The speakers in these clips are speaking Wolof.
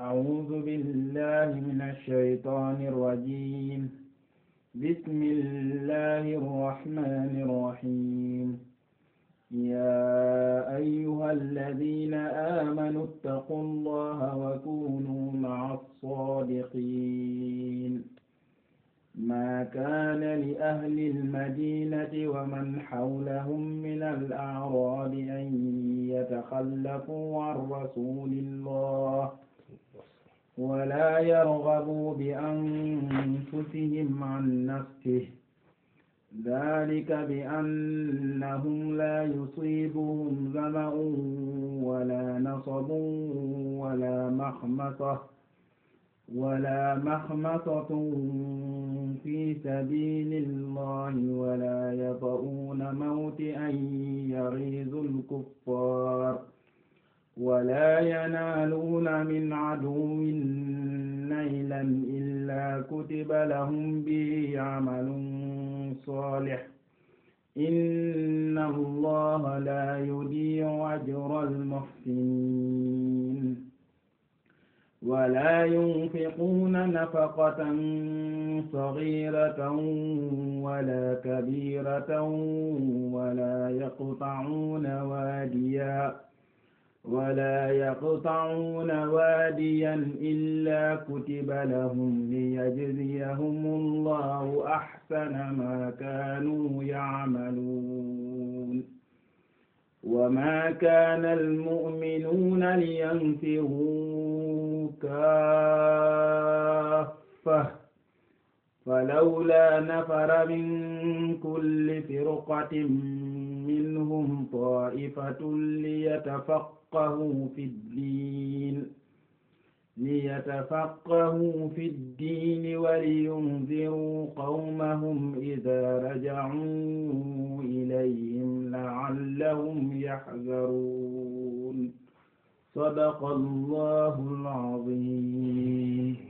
أعوذ بالله من الشيطان الرجيم بسم الله الرحمن الرحيم يا أيها الذين آمنوا اتقوا الله وكونوا مع الصادقين ما كان لأهل المدينة ومن حولهم من الأعراب أن يتخلفوا عن رسول الله ولا يرغبوا بأنفسهم عن نفسه ذلك بأنهم لا يصيبهم ظمأ ولا نصب ولا مخمصة ولا مخمصة في سبيل الله ولا يطؤون موطئا يغيظ الكفار ولا ينالون من عدو نيلا إلا كتب لهم به عمل صالح إن الله لا يضيع أجر المحسنين ولا ينفقون نفقة صغيرة ولا كبيرة ولا يقطعون واديا ولا يقطعون واديا إلا كتب لهم ليجزيهم الله أحسن ما كانوا يعملون وما كان المؤمنون لينفروا كافة فلولا نفر من كل فرقة منهم طائفة ليتفقهوا في الدين ليتفقهوا في الدين ولينذروا قومهم إذا رجعوا إليهم لعلهم يحذرون صدق الله العظيم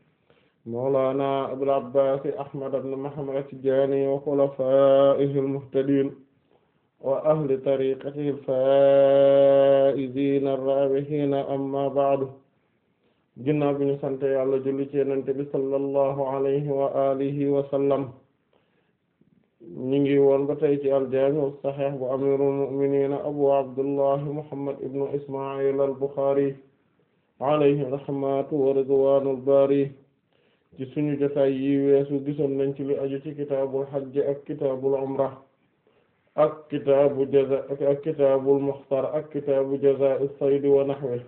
mawlana abul abbas ahmad ibn muhammad at-tijani wa khulafaihi al-muhtadin wa ahli tariqatihi al-faizin ar-rabihin amma ba'du ginnaaw bi ñu sant yàlla julli ci yonent bi sallallahu alayhi wa alihi wa sallam ñu ngi woon ba tey ci al-jami' as-sahih bu amirul mu'minin abu abdullah muhammad ibn isma'il al-bukhari alayhi rahmatu wa ridwanul bari ci suñu jotaay yi weesu gisoon nañ ci aju ci kitaabul hajj ak kitaabul umra ak kitaabu jaza ak kitaabul muxtar ak kitaabu jazaa'i sayd wa nahwihi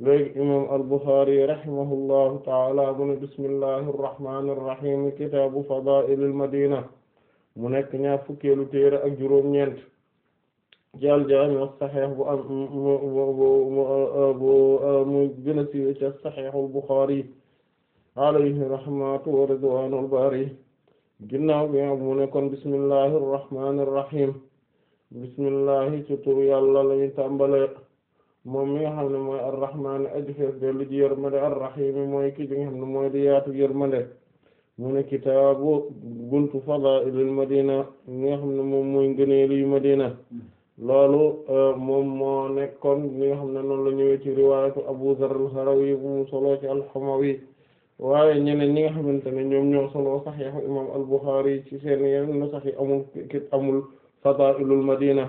léegi imaam al-Bukhari rahimahullahu ta'ala mu ne bismillahi irrahmani irrahim kitaabu fadaa'ilil nekk ñaar fukkeelu ak juróom-ñeent ci jaami as-sahiih bu am bu bu mu ci as-sahiihul alayhi rahmatu wa bari ginnaaw bi mu ne kon bismillahir rahmanir rahim bismillahi ci tur yàlla la moom mi nga xam ne mooy arrahman aji fees dellu ji yërmande arrahim mooy ki nga xam ne mooy di yaatu yërmande mu ne kitaabu buntu fadaa'ilil madina mi nga xam ne moom mooy ngëneelu madina loolu euh, moom moo nekkoon mi nga xam ne noonu la ñëwee ci riwaayatu Abu Zarr mu solo ci al waaye ñeneen ñi nga xamante ne ñoom ñoo solo saxiixu imam al-Bukhari ci seen yenn nusax yi amul amul fadaa'ilul madina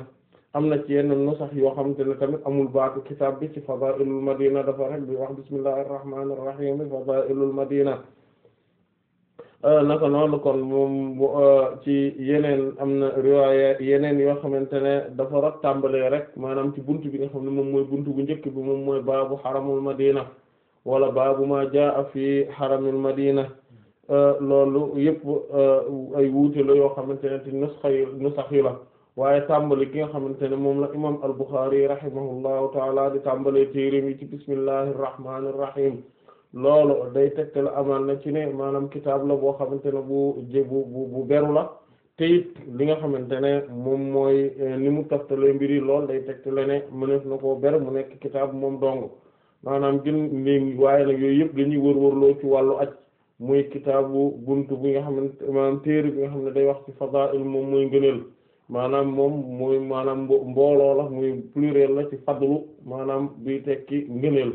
am na ci yenn nusax yoo xamante ne tamit amul baatu kitaab bi ci fadaa'ilul madina dafa rek bi wax bismillahir rahmanir rahim fadaa'ilul madina euh, naka noonu kon moom euh, ci yeneen am na riwaaya yeneen yoo xamante ne dafa rek tàmbalee rek maanaam ci buntu bi nga xam ne moom mooy buntu bu njëkk bi moom mooy baabu xaramul madina wala baabu ma jaa fi xaramil madina euh, loolu yëpp euh, ay wuute la yoo xamante ne te nusxa yi nusax yi la waaye tàmbali ki nga xamante ne moom la imam al-Bukhari rahimahullahu taala di tàmbalee téeréem yi ci bismillahir rahmanir rahim loolu day tegtal amaan na ci ne maanaam kitaab la boo xamante ne bu bu bu bu beru la te it li nga xamante ne moom mooy euh, ni mu taftalee mbiri lool day tegtale ne mëneef na ko ber mu nekk kitaab moom dong maanaam gën waaye nag yooyu yëpp dañuy wërwërloo ci wàllu aj muy kitaabu buntu bi nga xamante maanaam téere bi nga xam ne day wax ci fadaa'il moom mooy ngëneel maanaam moom mooy maanaam mbooloo la muy pluriel la ci fadlu maanaam bi tekki ngëneel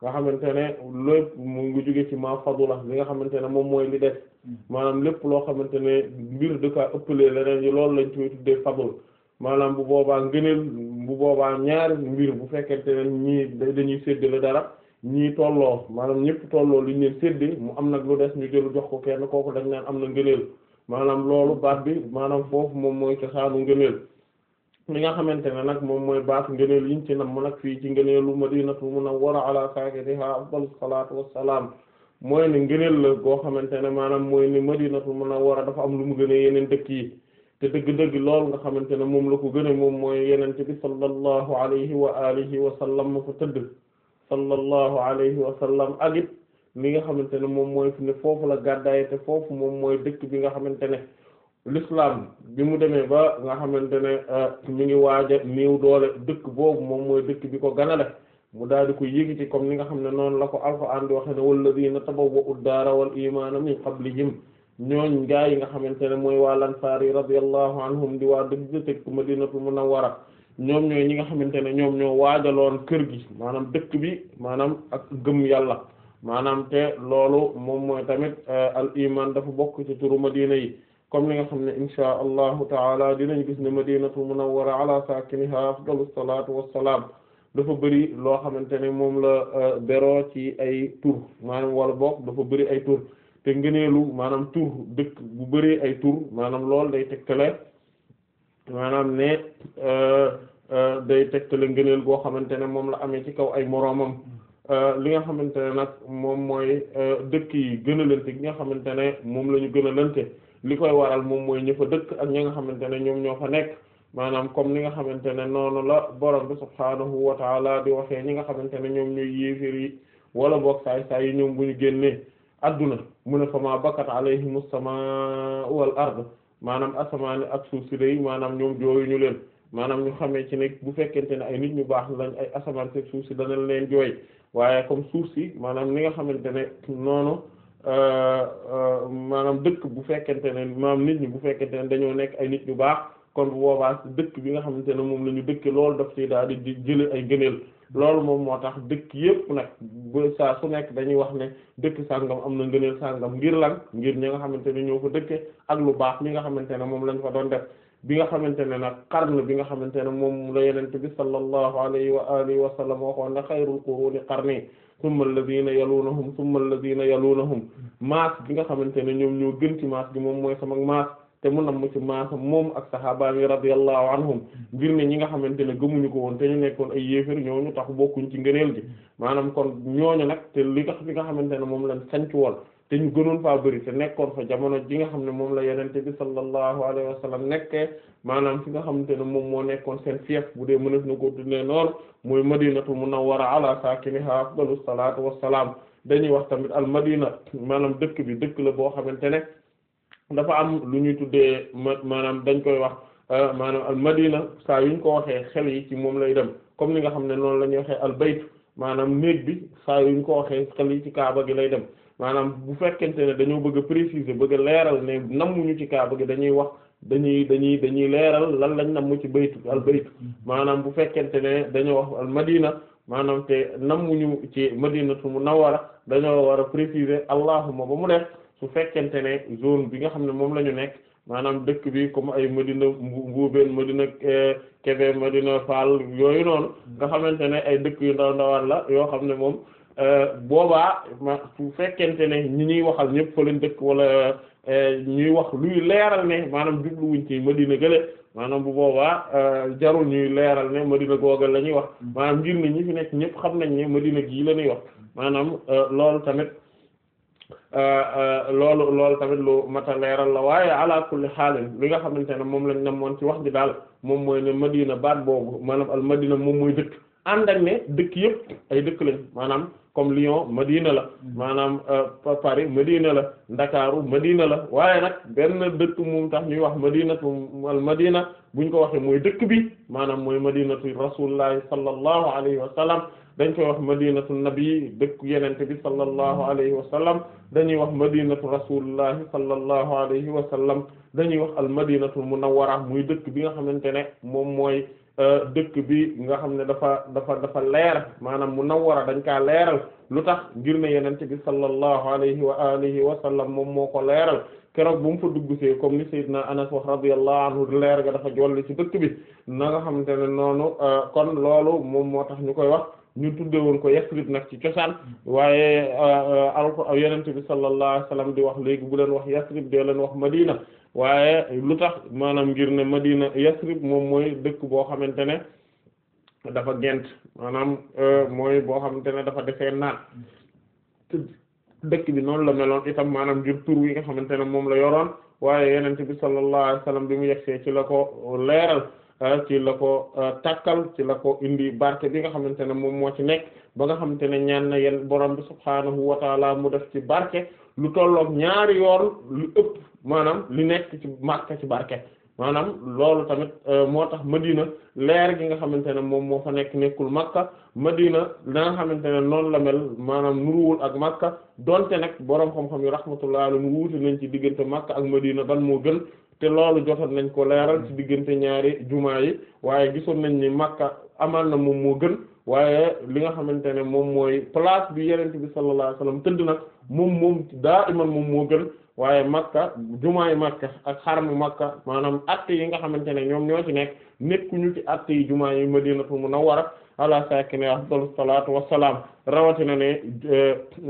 nga xamante ne lépp mu ngi jóge ci ma fadula li nga xamante ne moom mooy li def hmm. maanaam lépp loo xamante ne mbir da kaa ëppalee leneen yi loolu lañ ci tudde maanaam bu boobaa ngëneel bu boobaa ñaari mbir bu fekkente ne ñii dañuy séddale dara ñii tolloo maanaam ñëpp tolloo lu leen séddee mu am nag lu des ñu jël jox ko kenn kooku dañ naan am na ngëneel maanaam loolu baat bi maanaam foofu moom mooy cosaanu ngëneel li nga xamante ne nag moom mooy baat ngëneel yiñ ci nam mu nag fii ci ngëneelu madinatu munawwara ala saakiniha afdalu salaatu wassalaam mooy ne ngëneel la goo xamante ne maanaam mooy ne madinatu munawwara dafa am lu mu gënee yeneen dëkk yi te dëgg-dëgg loolu nga xamante ne moom la ko gën a moom mooy yenente bi sallallahu alayhi wa alihi wa sallam ma fa tëdd sallallahu alayhi wa sallam ak it li nga xamante ne moom mooy fi ne foofu la gàddaaye te foofu moom mooy dëkk bi nga xamante ne l'islam bi mu demee ba nga xamante ne euh, mi ngi waaja néew doole dëkk boobu moom mooy dëkk bi ko ganale mu daal di ko yëgiti comme ni nga xam ne noonu la ko alfa andi waxe ne walladina tabawwa'u ad-daara wal imaana min qablihim ñooñ gaa yi nga xamante ne mooy waa Ansaar yi radiyallahu anhum di waa dëgg dëkk Madinatul Munawwara ñoom ñooy ñi nga xamante ne ñoom ñoo waajaloon kër gi maanaam dëkk bi maanaam ak gëm yàlla maanaam te loolu moom mooy tamit eh, al iman dafa bokk ci turu Madina yi comme li nga xam ne insha allahu taala dinañ gis ne Madinatul Munawwara ala saakiniha afdalus salaatu wassalaam dafa bëri loo xamante ne moom la eh, beroo ci ay tur maanaam wala bokk dafa bëri ay tur te ngëneelu maanaam tur dëkk bu bëree ay tur maanaam lool day tegtale maanaam ne euh, euh, day tegtale ngëneel goo xamante ne moom la amee ci kaw ay moroomam euh, li nga xamante ne nag moom mooy dëkk yi gën a lante nga xamante ne moom la ñu gën a lante li koy waral moom mooy ñi dëkk ak ñi nga xamante ne ñoom ñoo fa nekk maanaam comme ni nga xamante ne noonu la borom bi subhaanahu wa taala di waxee ñi nga xamante ne ñoom ñooy yéefér yi wala boog saay saay yi ñoom bu ñu génnee adduna mu ne fa ma bakat alayhim as-samaa wal ard maanaam asamaan ak suuf si day maanaam ñoom jooyuñu leen maanaam ñu xamee ci nekk bu fekkente ne ay nit ñu baax lañ ay asamaan ak suuf si dana leen jooy waaye comme suuf si maanaam ni nga xamante ne noonu maanaam dëkk bu fekkente ne maanaam nit ñi bu fekkente ne dañoo nekk ay nit ñu baax kon bu boobaa dëkk bi nga xamante ne moom la ñu dëkke loolu daf ci daal di jële ay gëneel loolu moom moo tax dëkk yépp nag ba saa su nekk dañuy wax ne dëkk sàngam am na ngëneel sàngam ngir lan ngir ñi nga xamante ne ñoo ko dëkke ak lu baax mi nga xamante ne moom lañ fa doon def bi nga xamante ne nag qarn bi nga xamante ne moom la yenent bi sallallahu alayhi wa alihi wa sallam waxoon ne xayrul quruni qarni thumma alladhina yalunahum thumma alladhina yalunahum maas bi nga xamante ne ñoom ñoo gën ci maas gi moom mooy sama maas te mu nam ci maasam moom ak sahaaba yi radiyallahu anhum ngir ne ñi nga xamante ne gëmuñu ko woon te ñu nekkoon ay yéefér ñooñu tax bokkuñ ci ngëneel gi maanaam kon ñooñu nag te li tax li nga xamante ne moom la sanc woon te ñu gënoon faa bëri te nekkoon fa jamono ji nga xam ne moom la yenente bi sallallahu alayhi wa sallam nekkee maanaam fi nga xamante ne moom moo nekkoon seen fief bu dee mënaf na ko tuddee noonu mooy a munawwara ala saakiniha afdalus salaatu wassalaam dañuy wax tamit al madina maanaam dëkk bi dëkk la boo xamante ne dafa am lu ñuy tuddee maanaam dañ koy wax euh, maanaam al madina saa yu ñu ko waxee xel yi ci moom lay dem comme ni nga xam ne noonu la ñuy waxee al bayt maanaam néeg bi saa yu ñu ko waxee xel yi ci kaaba gi lay dem maanaam bu fekkente ne dañoo bëgg a préciser bëgg leeral ne nammuñu ci gi dañuy wax dañuy dañuy dañuy leeral lan lañ namm ci baytu al bayt maanaam bu fekkente ne dañoo wax al madina maanaam te nammuñu ci madinatu munawwara dañoo war a préciser allahuma ba mu nekk su fekkente ne zone bi nga xam ne moom la ñu nekk maanaam dëkk bi comme ay Medina Mbuubeen Medina eh, Kébé Medina Fall yooyu noonu nga xamante ne ay dëkk yu ndaw ndawaan la yoo xam ne moom eh, boobaa ma su fekkente ne ñi ñuy waxal ñëpp fa leen dëkk wala eh, ñuy wax luy leeral ne maanaam jubluwuñ ci Medina gële maanaam bu boobaa jarul ñuy leeral ne Medina googal la ñuy wax mm. maanaam ngir ne ñi fi nekk ñëpp xam nañ ne Medina gii la ñuy wax maanaam loolu tamit Euh, euh, loolu loolu tamit lu mat leeral la waaye ala kulli xaalin li nga xamante ne moom lañ namoon ci wax ji daal moom mooy ne Madina baat boobu maanaam al Madina moom mooy dëkk ànd ak ne dëkk yëpp ay dëkk lañ maanaam comme Lyon Madina la maanaam euh, Paris Madina la Ndakaaru Madina la waaye nag benn dëkk moom tax ñuy wax madinatu al Madina buñ ko waxee mooy dëkk bi maanaam mooy madinatu rasulillahi sallallahu alayhi wa dañ koy wax madinatu nabi dëkku yenente bi sallallahu alayhi wa sallam dañuy wax madinatu rasulillahi sallallahu alayhi wa sallam dañuy wax al madinatu munawwara muy dëkk bi nga xamante ne moom mooy euh, dëkk bi nga xam ne dafa dafa dafa leer maanaam munawwara dañ kaa leeral lu tax ngir ne yenente bi sallallahu alayhi wa alihi wa sallam moom moo ko leeral keroog bu mu fa dugg see comme ni Seydina Anas wax radiyallahu anhu leer ga dafa jolli ci dëkk bi na nga xamante ne noonu euh, kon loolu moom moo tax ñu koy wax ñu tudde woon ko Yasrib nag ci cosaan waaye uh, uh, alko uh, yenente bi sallallahu alayhi wasallam di wax léegi bu leen wax Yasrib dee leen wax Madina waaye lu tax maanaam ngir ne Madina Yasrib moom mooy dëkk boo xamante ne dafa gent maanaam mooy boo xamante ne dafa defee naan dëkk bi noonu la meloon itam maanaam ngir tur wi nga xamante ne moom la yoroon waaye yenente bi sallallahu alayhi wasallam bi mu yegsee ci la ko leeral Ah, ci la ko ah, takkal ci la ko indi barke bi nga xamante ne moom moo ci nekk ba nga xamante ne ñaan na yéen borom bi subhaanahu wa taala mu def ci barke lu tollook ñaari yoon lu ëpp maanaam lu nekk ci Makka ci barke maanaam loolu tamit ah, moo tax Madina leer gi nga xamante ne moom moo fa nekk nekkul Makka Madina da nga xamante ne noonu la mel maanaam nuruwul ak Makka donte nag boroom xam-xam yi rahmatullahi alayhi wuute nañ ci diggante Makka ak Madina ban moo gën te loolu joxoon nañ ko leeral ci hmm. diggante ñaari jumaa yi waaye gisoon nañ ni Makka amal na moom moo gën waaye li nga xamante ne moom mooy place bi Yonent bi sallallahu alayhi wasallam tëdd nag moom moom daa iman moom moo gën waaye Makka jumaa yi Makka ak xarmu Makka maanaam att yi nga xamante ne ñoom ñoo ci nekk nekkuñu ci att yi jumaa yi Madinatu Munawwara ala sakine afdalu salaatu wassalaam rawatina ne e,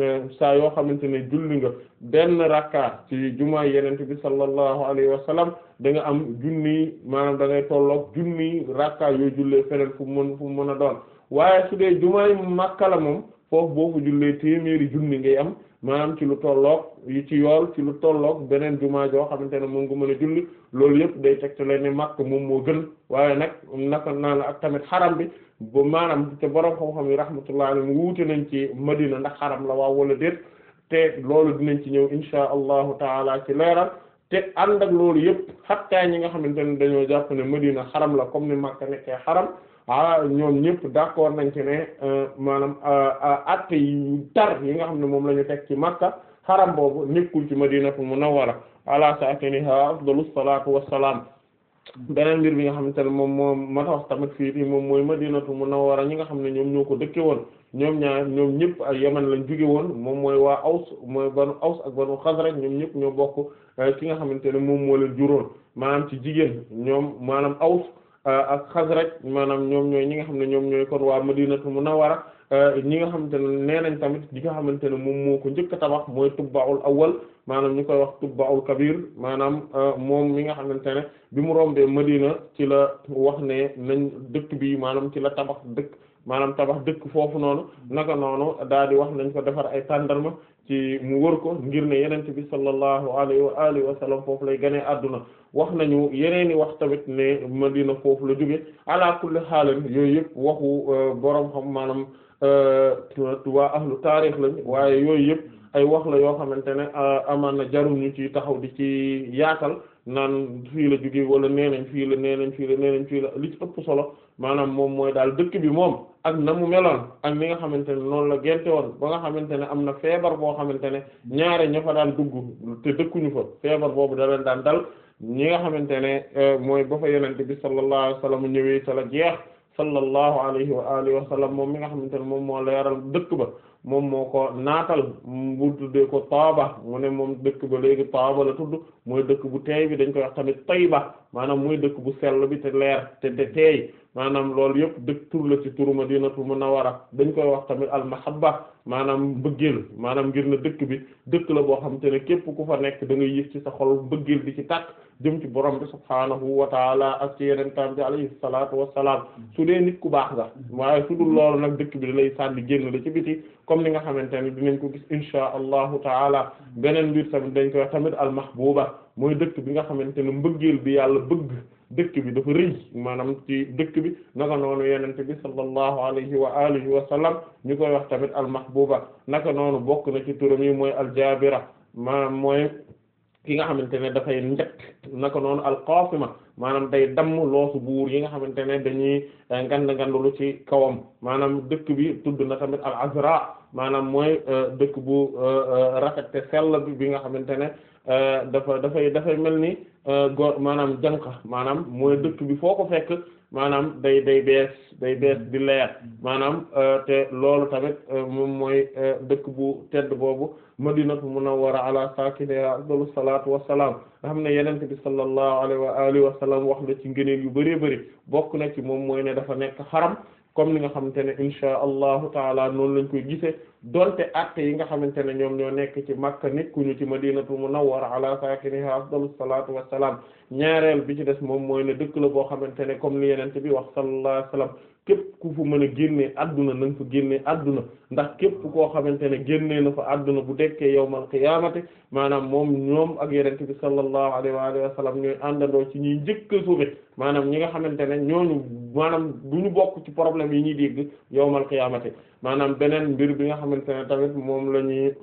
e, saa yoo xamante ne julli nga benn rakka ci jumaa yenente bi sallallahu alayhi wa sallam da nga am junni maanaam da ngay tolloog junni rakka yoo jullee feneen fu mën fu mën a doon waaye su dee jumaay Makka la moom foofu boo ko jullee téeméeri junni ngay am maanaam ci lu tolloog yi ci yool ci lu tolloog beneen jumaa joo xamante ne moom nga mën a julli loolu yëpp day tegtale ne Makka moom moo gën waaye nag naka naan ak tamit xaram bi ba maanaam te borom xam-xam yi rahmatullah mu wuute nañ ci Madina ndax xaram la waaw wala déet te loolu dinañ ci ñëw insha allahu taala ci leeral te ànd ak loolu yëpp xattaa ñi nga xamante ne dañoo jàpp ne Madina xaram la comme ni Makka nekkee xaram ah ñoom ñëpp d'accord nañ ci ne euh, maanaam euh, euh, atte yu tar yi nga xam ne moom lañu ñu teg ci Makka xaram boobu nekkul ci Madinatu Munawwara ala saakiniha afdalu salaatu wassalaam beneen mbir bi nga xamante ne moom moom ma wax tamit fii fii moom mooy ma Madinatu Munawwara ñi nga xam ne ñoom ñoo ko dëkke woon ñoom ñaar ñoom ñëpp ak Yaman lañ jóge woon moom mooy waa Aws mooy banu Aws ak banu rek ñoom ñëpp ñoo bokk euh, ki nga xamante ne moom moo leen juróon maanaam ci jigéen ñoom maanaam Aws euh, ak Xasraj maanaam ñoom ñooy ñi nga xam ne ñoom ñooy kon waa ma Madinatu wara Euh, ñi nga xamante ne nee nañ tamit li nga xamante ne moom moo ko njëkk a tabax mooy tubbaul awal maanaam ñu koy wax tubbaul kabir maanaam euh, moom mi nga xamante ne bi mu rombee Madina ci la wax ne nañ dëkk bi maanaam ci la tabax dëkk maanaam tabax dëkk foofu noonu naka noonu daal di wax nañ ko defar ay tàndarma ci mu wër ko ngir ne yenent bi sallallahu alayhi wa alihi wa foofu lay gënee àdduna wax nañu yeneeni wax tamit ne Madina foofu la jóge ala kulli yooyu yëpp waxu euh, borom xam maanaam Euh, waa ahlu taarix lañ waaye yooyu yëpp ay wax la yoo xamante ne euh, amaan na jaruñu ci taxaw di ci yaatal naan fii la jóge wala nee nañ fii la nee nañ fii la nee nañ fii la li ëpp solo maanaam moom mooy daal dëkk bi moom ak na mu meloon ak ni nga xamante ne noonu la gente woon ba nga xamante ne am na feebar boo xamante ne ñaare ña fa daan dugg te dëkkuñu fa feebar boobu da daan dal ñi nga xamante ne euh, mooy ba fa yonent bi sallallahu alayhi wasallam ñëwee sa jeex sallallahu alayhi wa alihi wa sallam moom mi nga xamante ne moom moo leeral dëkk ba moom moo ko naatal bu tuddee ko Taaba mu ne moom dëkk ba léegi Taaba la tudd mooy dëkk bu teey bi dañ koy wax tamit Tayba maanaam mooy dëkk bu sell bi te leer te te teey maanaam loolu yëpp dëkk tur la ci turu Madinatu Munawwara dañ ko wax tamit al-mahabba maanaam mbëggeel maanaam ngir na dëkk bi dëkk la boo xamante ne képp ku fa nekk da ngay yëg ci sa xol mbëggeel bi ci tàkk jëm ci borom bi subhaanahu wa taala ak ci yenentaan bi alayhi wa wassalaam su dee nit ku baax nga waaye su dul loolu nag dëkk bi da dalay sànni génn la ci biti comme ni nga xamante ne dinañ ko gis insha allahu taala beneen mbir tamit dañ koy wax tamit al mahbuba mooy dëkk bi nga xamante ne mbëggeel bi yàlla bëgg dëkk bi dafa rëy maanaam ci dëkk bi naka noonu yenente bi sallallahu alayhi wa alihi wa sallam ñu koy wax tamit al mahbuba naka noonu bokk na ci turam mooy al jabira maanaam mooy ki nga xamante ne dafay njëkk naka noonu alqaasima maanaam day damm loosu buur yi nga xamante ne dañuy eh, ngand ngandulu ci kawam maanaam dëkk bi tudd na tamit al azra maanaam mooy eh, dëkk bu eh, rafet te sell bi nga xamante ne dafa dafay dafay mel ni góor maanaam janq maanaam mooy dëkk bi foo ko fekk maanaam day day bees day bees di leer maanaam euh, te loolu tamit euh, moom mooy euh, dëkk bu tedd boobu ma mun a munawwara ala saakiniha afdalu salaatu wassalaam nga xam ne yenente bi sallallahu alayhi wa alihi wa sallam wax na ci ngëneel yu bëree bëri bokk na ci moom mooy ne dafa nekk xaram comme li nga xamante ne insha allahu taala noonu lañ koy gisee donte acte yi nga xamante ne ñoom ñoo nekk ci Makka ñu ci Madinatu Munawwara ala saakiniha afdalu salaatu wassalaam ñaareel bi ci des moom mooy ne dëkk la boo xamante ne comme yeneen yenente bi wax sallallahu alayhi wasallam képp ku fu mën a génnee adduna na nga fa génnee adduna ndax képp koo xamante ne génnee na fa adduna bu dekkee yawmal qiyaamati maanaam moom ñoom ak yonent bi sallallahu alayhi wa alihi wa sallam ñooy ci ñuy njëkk a maanaam ñi nga xamante ne ñooñu maanaam du ñu bokk ci problème yi ñuy dégg yawmal qiyaamati maanaam beneen mbir bi nga xamante ne tamit moom la ñuy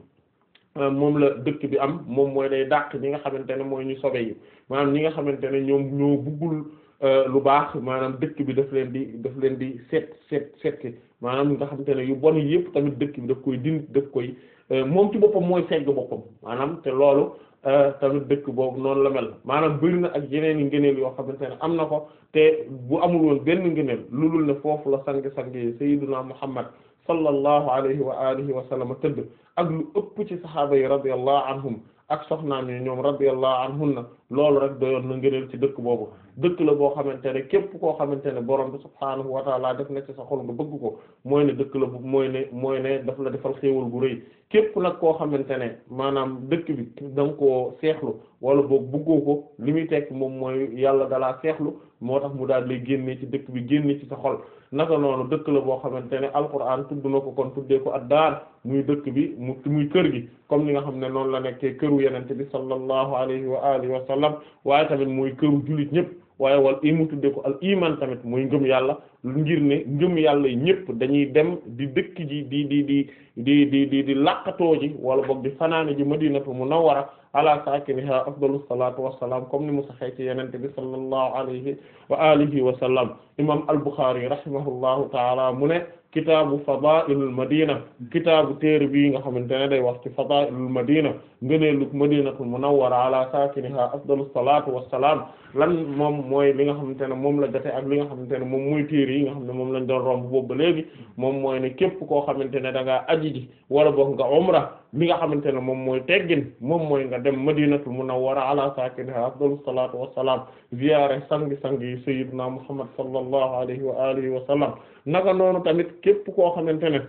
moom la dëkk bi am moom mooy day dàq ñi nga xamante ne mooy ñu sobe yi maanaam ñi nga xamante ñoom ñoo buggul Euh, lu baax maanaam dëkk bi daf leen di daf leen di seet seet seeti maanaam nga xamante ne yu bon yëpp tamit dëkk bi daf koy dind daf koy euh, moom ci boppam mooy segg boppam maanaam te loolu euh, tamit dëkk boobu noonu la mel maanaam bëri na ak yeneen i ngëneel yoo xamante ne am na ko te bu amul woon benn ngëneel lu dul ne foofu la sang-sang yi sayyiduna Muhammad sallallahu alayhi wa alihi wa sallam tëdd ak lu ëpp ci sahaaba yi radiyallahu anhum ak soxnaam yi ñoom radiyallahu na loolu rek doyoon na ngëneel ci dëkk boobu dëkk la boo xamante ne képp koo xamante ne borom bi subhaanahu wa taala def na ci sa xol nga bëgg ko mooy ne dëkk la bu mooy ne mooy ne daf la defal xéewal bu rëy képp nag koo xamante ne maanaam dëkk bi da koo seexlu wala boog bëggoo ko li muy tekk moom mooy yàlla dalaa seexlu moo tax mu daal lay génnee ci dëkk bi génne ci sa xol naka noonu dëkk la boo xamante ne alquran tudd na ko kon tuddee ko ad-daar muy dëkk bi mu muy kër gi comme ni nga xam ne noonu la nekkee këru yenente bi sallallahu alayhi wa alihi wa sallam waaye tamit muy këru jullit ñëpp waaye wal i mu tuddee ko al iman tamit muy ngëm yàlla ngir ne ngëm yàlla yi ñëpp dañuy dem di dëkk ji di di di di di di di làqatoo ji wala boog di fanaane ji madinatu munawwara ala saakiniha afdalu salaatu wassalaam comme ni mu saxee ci yenente bi sallallahu alayhi wa alihi wa sallam imam al-Bukhari rahimahullahu taala mu ne kitaabu fadaa'ilul madina kitaabu téere bii nga xamante ne day wax ci fadaa'ilul madina ngëneelu madinatul munawwara ala saakiniha afdalus salaatu wassalaam lan moom mooy li nga xamante ne moom la jote ak li nga xamante ne moom mooy téere yi nga xam ne moom lañ doon romb boobu léegi moom mooy ne képp koo xamante ne da ngaa aji ji wala boog nga umra li nga xamante ne moom mooy teggin moom mooy nga dem madinatul munawwara ala saakiniha afdalus salaatu wassalaam ziyaare sangi sangi sayyidina muhammad sallallahu alayhi wa alihi wa sallam naka noonu tamit képp koo xamante ne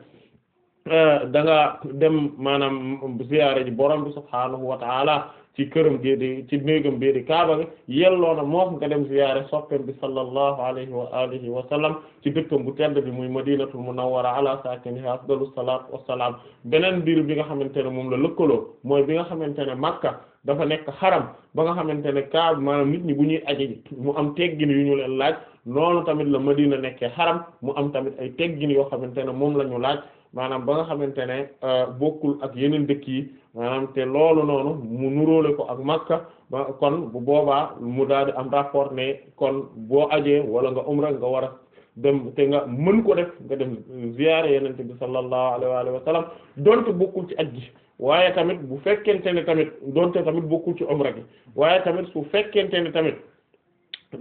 euh, da nga dem maanaam ziyaare ji borom bi subhaanahu wa ta'ala ci këram bii ci néegam bii di Kaaba gi yelloo na moo nga dem ziyaare soppem bi sallallahu alayhi wa alihi wa sallam ci dëkkam bu tedd bi muy madinatul munawwara ala saakiniha afdalu salaatu wassalaam beneen mbir bi nga xamante ne moom la lëkkaloo mooy bi nga xamante ne Makka dafa nekk xaram ba nga xamante ne Kaaba maanaam nit ñi bu ñuy aje mu am teggin yu ñu leen laaj noonu tamit la ma Madina nekkee xaram mu am tamit ay teggin yoo xamante ne moom la ñu laaj maanaam ba nga xamante ne euh, bokkul ak yeneen dëkk yi maanaam te loolu noonu mu nuróole ko ak Makka kon bu boobaa mu daal di am rapport ne kon boo ajee wala nga umra nga war a dem te nga mën ko def nga dem ziyaare yenente bi sallallahu alayhi wa sallam donte bokkul ci aj gi waaye tamit bu fekkente ne tamit doonte tamit bokkul ci umra gi waaye tamit su fekkente ne tamit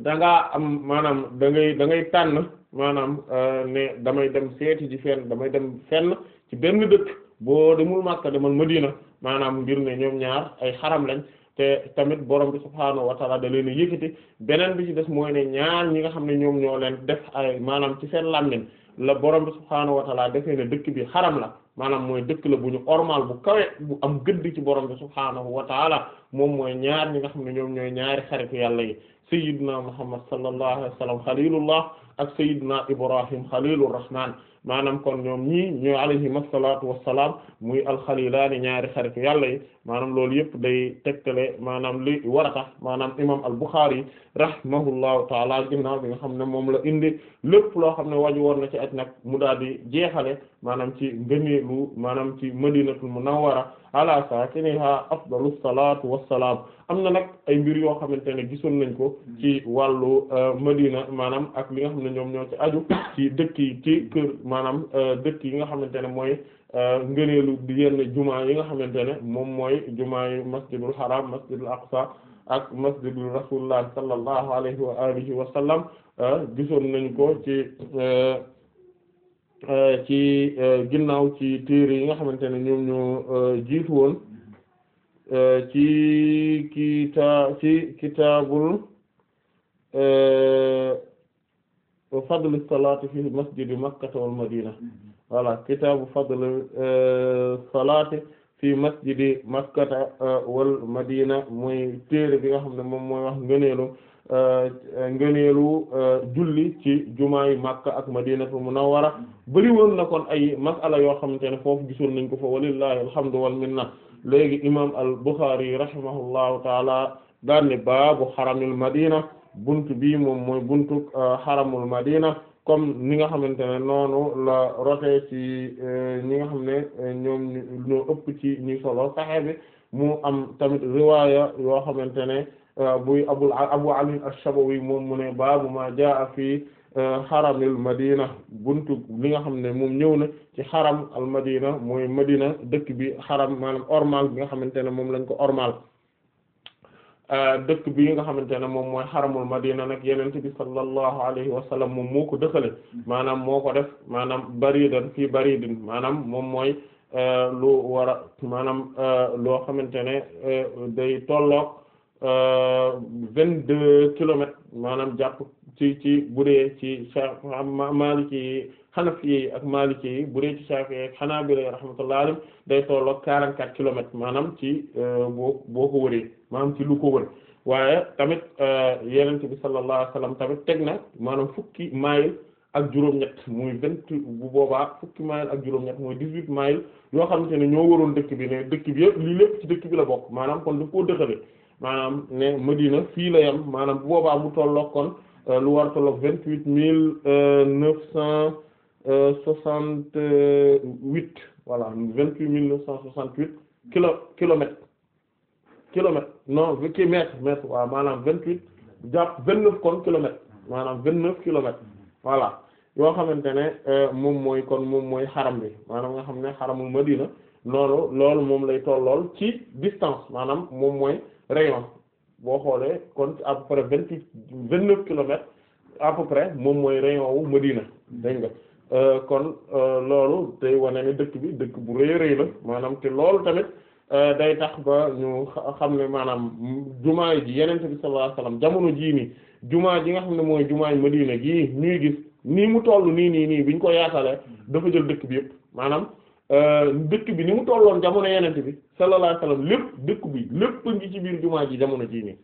da ngaa am maanaam da ngay da ngay tànn maanaam euh, ne damay dem seeti ji fenn damay dem fenn ci benn dëkk boo demul Makka demal Madina maanaam ngir ne ñoom ñaar ay xaram lañ te tamit borom bi subhaanahu wa da leen a yëkkati beneen bi ci des ñaar ñi nga xam ne ñoom ñoo leen def ay maanaam ci seen làmmiñ la borom bi subhaanahu wa taala defee ne dëkk bi xaram la maanaam mooy dëkk la bu ñu ormal bu kawe bu am gëdd ci borom bi subhaanahu wa taala moom mooy ñaar ñi nga xam ne ñoom ñooy ñaari xaritu yàlla yi sayyidina Muhammad sallallahu alayhi wa sallam xalilullah ak sayyidina Ibrahim xalilur rahmaan maanaam kon ñoom ñii ñoo alayhim assalaatu wassalaam muy alxalilaani ñaari xaritu yàlla yi maanaam loolu yëpp day tegtale maanaam li war a tax maanaam imam al-Bukhari rahimahullahu taala naa bi nga xam ne moom la indi lépp loo xam ne waju woon na ci aj nag mu daal di jeexale maanaam ci ngëneelu maanaam ci madinatul munawwara ala saakiniha afdalu salaatu wassalaam am na nag ay mbir yoo xamante ne gisoon nañ ko ci wàllu euh, madina maanaam ak li nga xam ne ñoom ñoo ci aju ci dëkk yi ci kër maanaam euh, dëkk yi nga xamante ne mooy Euh, ngëneelu yenn jumaa yi nga xamante ne moom mooy jumaa yi masjidul haram masjidul aqsa ak masjidul rasulullah sallallahu alayhi wa alihi wa sallam euh, gisoon nañ ko ci euh, ginnaaw ci téere yi nga xamante ne ñoom ñoo jiitu woon ci kita ci kitaabul fadl salaati fi masjidi makkata madina voilà kitaabu fadl euh, salaati fi masjidi makkata euh, wal madina mooy téere bi nga xam ne moom mooy wax ngëneelu euh, ngëneelu julli ci jumaa yi makka ak madinatu munawwara bëri woon na kon ay masala yoo xamante ne foofu gisoon nañ ko fa walillahi alhamdu wal minna léegi imam al bukhari rahimahullahu taala daanne baabu xaramil madina bunt bi moom mooy buntu xaramul madina comme ni nga xamante ne noonu la rote ci euh, ñi nga xam ne euh, ñoom ñoo ëpp ci ñi solo bi mu am tamit riwaaya yoo xamante ne euh, buy abul abu ali ash-shabawi moom mu ne baabu ma jaa fi xaramil madina buntu li nga xam ne moom ñëw na ci xaram al madina mooy madina dëkk bi xaram maanaam ormal bi nga xamante ne moom lañ ko ormal Euh, dëkk bi yi nga xamante ne moom mooy xaramul madina nag yenente bi sallallahu alayhi wa sallam moom moo ko dëkkale maanaam moo ko def maanaam baridan fii baridin maanaam moom mooy euh, lu war a maanaam euh, loo xamante ne day tolloog vingt-deux kilomètres maanaam jàpp ci ci bu dee ci maliki yi xanafi yi ak maliki yi bu dee ci Shafi'i yi ak xanaabila rahmatullahi alayhim day tolloog quarante-quatre kilomètres maanaam ci boo boo ko maanaam ci lu ko wër waaye tamit euh, yenente bi sallallahu alayhi wasallam tamit teg na maanaam fukki maayil ak juróom-ñett muy vingt bu boobaa fukki maayil ak juróom-ñett mooy dix-huit maayil yoo xamante ne ñoo waroon dëkk bi ne dëkk bi yëpp lii lépp ci dëkk bi la bokk maanaam kon daf koo dëkkale maanaam ne Medina fii la yam maanaam bu boobaa mu tolloog kon euh, lu war tolloog vingt-huit mille euh, neuf cent soixante-huit voilà vingt-huit mille neuf cent soixante-huit kilo kilomètres kilomètres non kii mètre mètre waaw maanaam vingt huit jàpp vingt neuf kon kilomètres maanaam vingt neuf kilomètres voilà yoo xamante ne euh, moom mooy kon moom mooy xaram bi maanaam nga xam ne xaramul Madina noonu loolu moom lay tollool ci distance maanaam moom mooy rayon boo xoolee kon à peu près vingt huit vingt neuf kilomètres à moom mooy rayon wu Madina dégg nga euh, kon euh, loolu day wane ne dëkk bi dëkk bu rëy rëy la maanaam te loolu tamit Euh, day tax ba ñu xam ne maanaam jumaa ji yenente bi sallallahu alayhi jamono jii nii jumaa ji nga xam ne mooy yi ma Madina gii ñuy gis nii mu toll nii nii nii biñ ko yaatalee dafa jël dëkk bi yëpp maanaam euh, dëkk bi ni mu tolloon jamono yenente bi sallallahu alayhi lépp dëkk bi lépp ngi ci biir jumaa ji jamono jii nii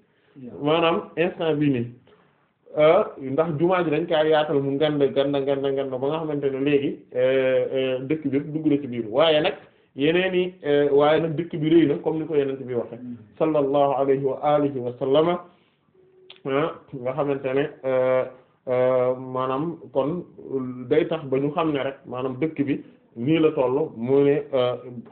maanaam instant bii nii euh, ndax jumaa ji dañ kaa yaatal mu ngand ganda nganda ngand ba nga xamante ne léegi dëkk bi yëpp dugg na ci waaye nag yeneen i eh, waaye nag dëkk bi rëy na comme ni ko yeneen bi waxe mm. sallallahu alayhi wa alihi wa sallama ah, nga xamante ne eh, eh, maanaam kon day tax ba ñu xam ne rek maanaam dëkk bi nii la toll mu ne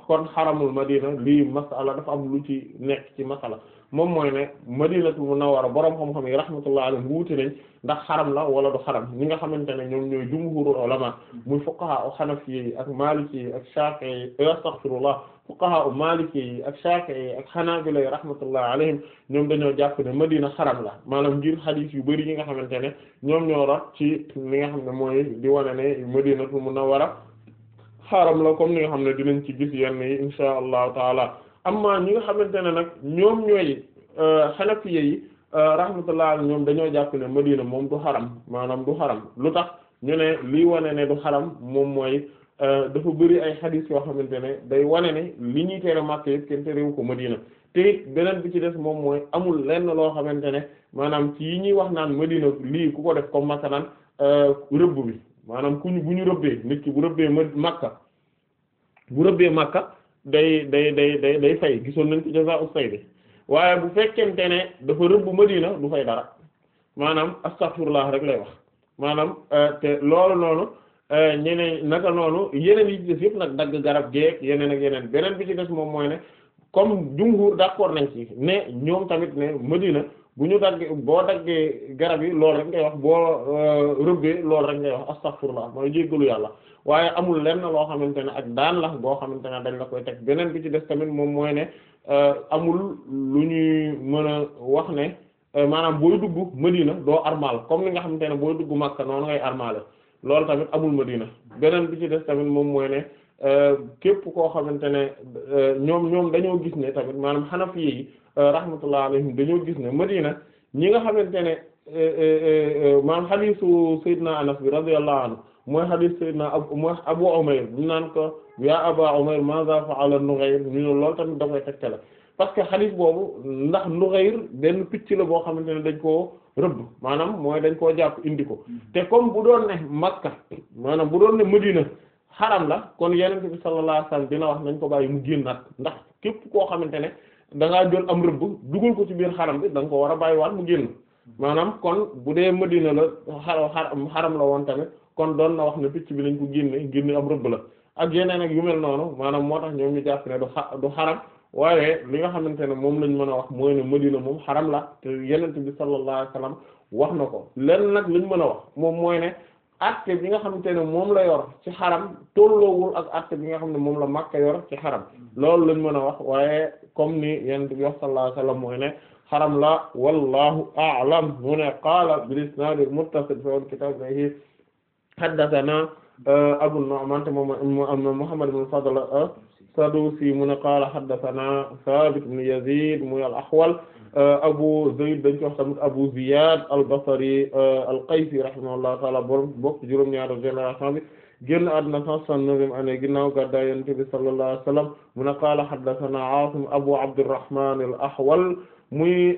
kon xaramul madina lii masala dafa am lu ci nekk ci masala moom mooy ne madinatul a boroom xam-xam yi rahmatullahi alayhim wuute nañ ndax xaram la wala du xaram ñi nga xamante ne ñoom ñooy jumhurul ulama muy fuqaha xanafi yi ak maliki ak shafi'i yi astaghfirullah fuqaha maliki ak shafi'i yi ak eh, hanabila ñoom dañoo jàpp ne madina xaram la maanaam ngir xadiis yu bari yi nga xamante ne ñoom ñoo ci li nga xam ne mooy di wane ne madinatul munawwara xaram la comme ni nga xam ne dinañ ci gis yenn yi insha allahu taala amma ñi nga xamante ne nag ñoom ñooy xanafiya euh, yi euh, rahmatullah ala ñoom dañoo jàpp ne Madina moom du xaram maanaam du xaram lu tax ñu ne lii wane ne du xaram moom mooy euh, dafa bëri ay xadis yoo xamante ne day wane ne li ñuy tere Makka yëpp kenn terewu ko Madina te it beneen bi ci des moom mooy amul lenn loo xamante ne maanaam ci yi ñuy wax naan Madina lii ku ko def comme masalan rëbb bi maanaam ku ñu bu ñu rëbbee nit ki bu rëbbee Makka bu rëbbee Makka day day day day day fay gisoon nañ ko jazaa'u bi waaye bu fekkente ne dafa rëbb Madina du fay dara maanaam astaghfirullah rek lay wax maanaam euh, te loolu noonu euh, ñeneen naka noonu yeneen yi ci des yëpp nag dagg garab geek yeneen ak yeneen beneen bi ci des moom mooy ne comme jumhur d'accord nañ ci ne ñoom tamit ne Madina bu ñu daggee boo daggee garab yi loolu rek ngay wax boo euh, rëbbee loolu rek ngay wax astaghfirullah mooy jéggalu yàlla waaye amul lenn loo xamante ne ak daan lax boo xamante ne dañ la koy teg beneen bi ci des tamit moom mooy ne euh, amul lu ñuy mën a wax ne euh, maanaam booy dugg Medina doo armal comme ni nga xamante ne booy dugg Makka noonu ngay armale loolu tamit amul Medina beneen bi ci des tamit moom mooy ne euh, képp koo xamante ne ñoom ñoom dañoo gis ne tamit maanaam Hanafi yi rahmatullah alayhim dañoo gis ne Medina ñi nga xamante ne maanaam hadiisu Seydina Anas bi radiyallahu anhu mooy hadith sayyidina mooy Abu Umayr bu naan ko yaa Aba Umayr maza fa'ala Nughayr ñu ne loolu tamit dafay tegtale parce que hadith boobu ndax Nughayr benn picc la boo xamante ne dañ koo rëbb maanaam mooy dañ koo jàpp indi ko te comme bu doon ne Makka maanaam bu doon ne Medina xaram la kon Yonent bi sallallahu alayhi wasallam dina wax nañ ko bàyyi mu génnaat ndax képp koo xamante ne da ngaa jël am rëbb dugal ko ci biir xaram bi da nga ko war a bàyyi bàyyiwaat mu génn maanaam kon bu dee Medina la xaram xaram la woon tamit. kon doon na wax na picc bi lañ ko génne génne ab rëbb la ak yeneen ak yu mel noonu maanaam moo tax ñoom ñu jàpp ne du xa xaram waaye li nga xamante ne moom lañ mën a wax mooy ne Madina moom xaram la te yenent bi sallallahu alayhi wasallam wax na ko lenn nag liñ mën a wax moom mooy ne acte bi nga xamante ne moom la yor ci xaram tolloowul ak acte bi nga xam ne moom la Makka yor ci xaram loolu lañ mën a wax waaye comme ni yenent bi wax sallallahu alayhi wasallam mooy ne xaram la wallahu a'lam mu ne qaala bil isnaad al muttasil haddathana Abu Nu'man moom Muhammad ibn Fadl as-Sadusi mu ne qaala haddathana Thabit ibn Yazid muy al-Ahwal Abu Zayd dañ ko wax tamit Abu Ziyad al-Basri al-Qaysi rahimahullahu ta'ala borom bokk juróom-ñaari génération bi génn àdduna 169e année ginnaaw gàddaay Yonent bi sallallahu alayhi wa sallam mu ne qaala haddathana Asim Abu Abdurrahman al-Ahwal muy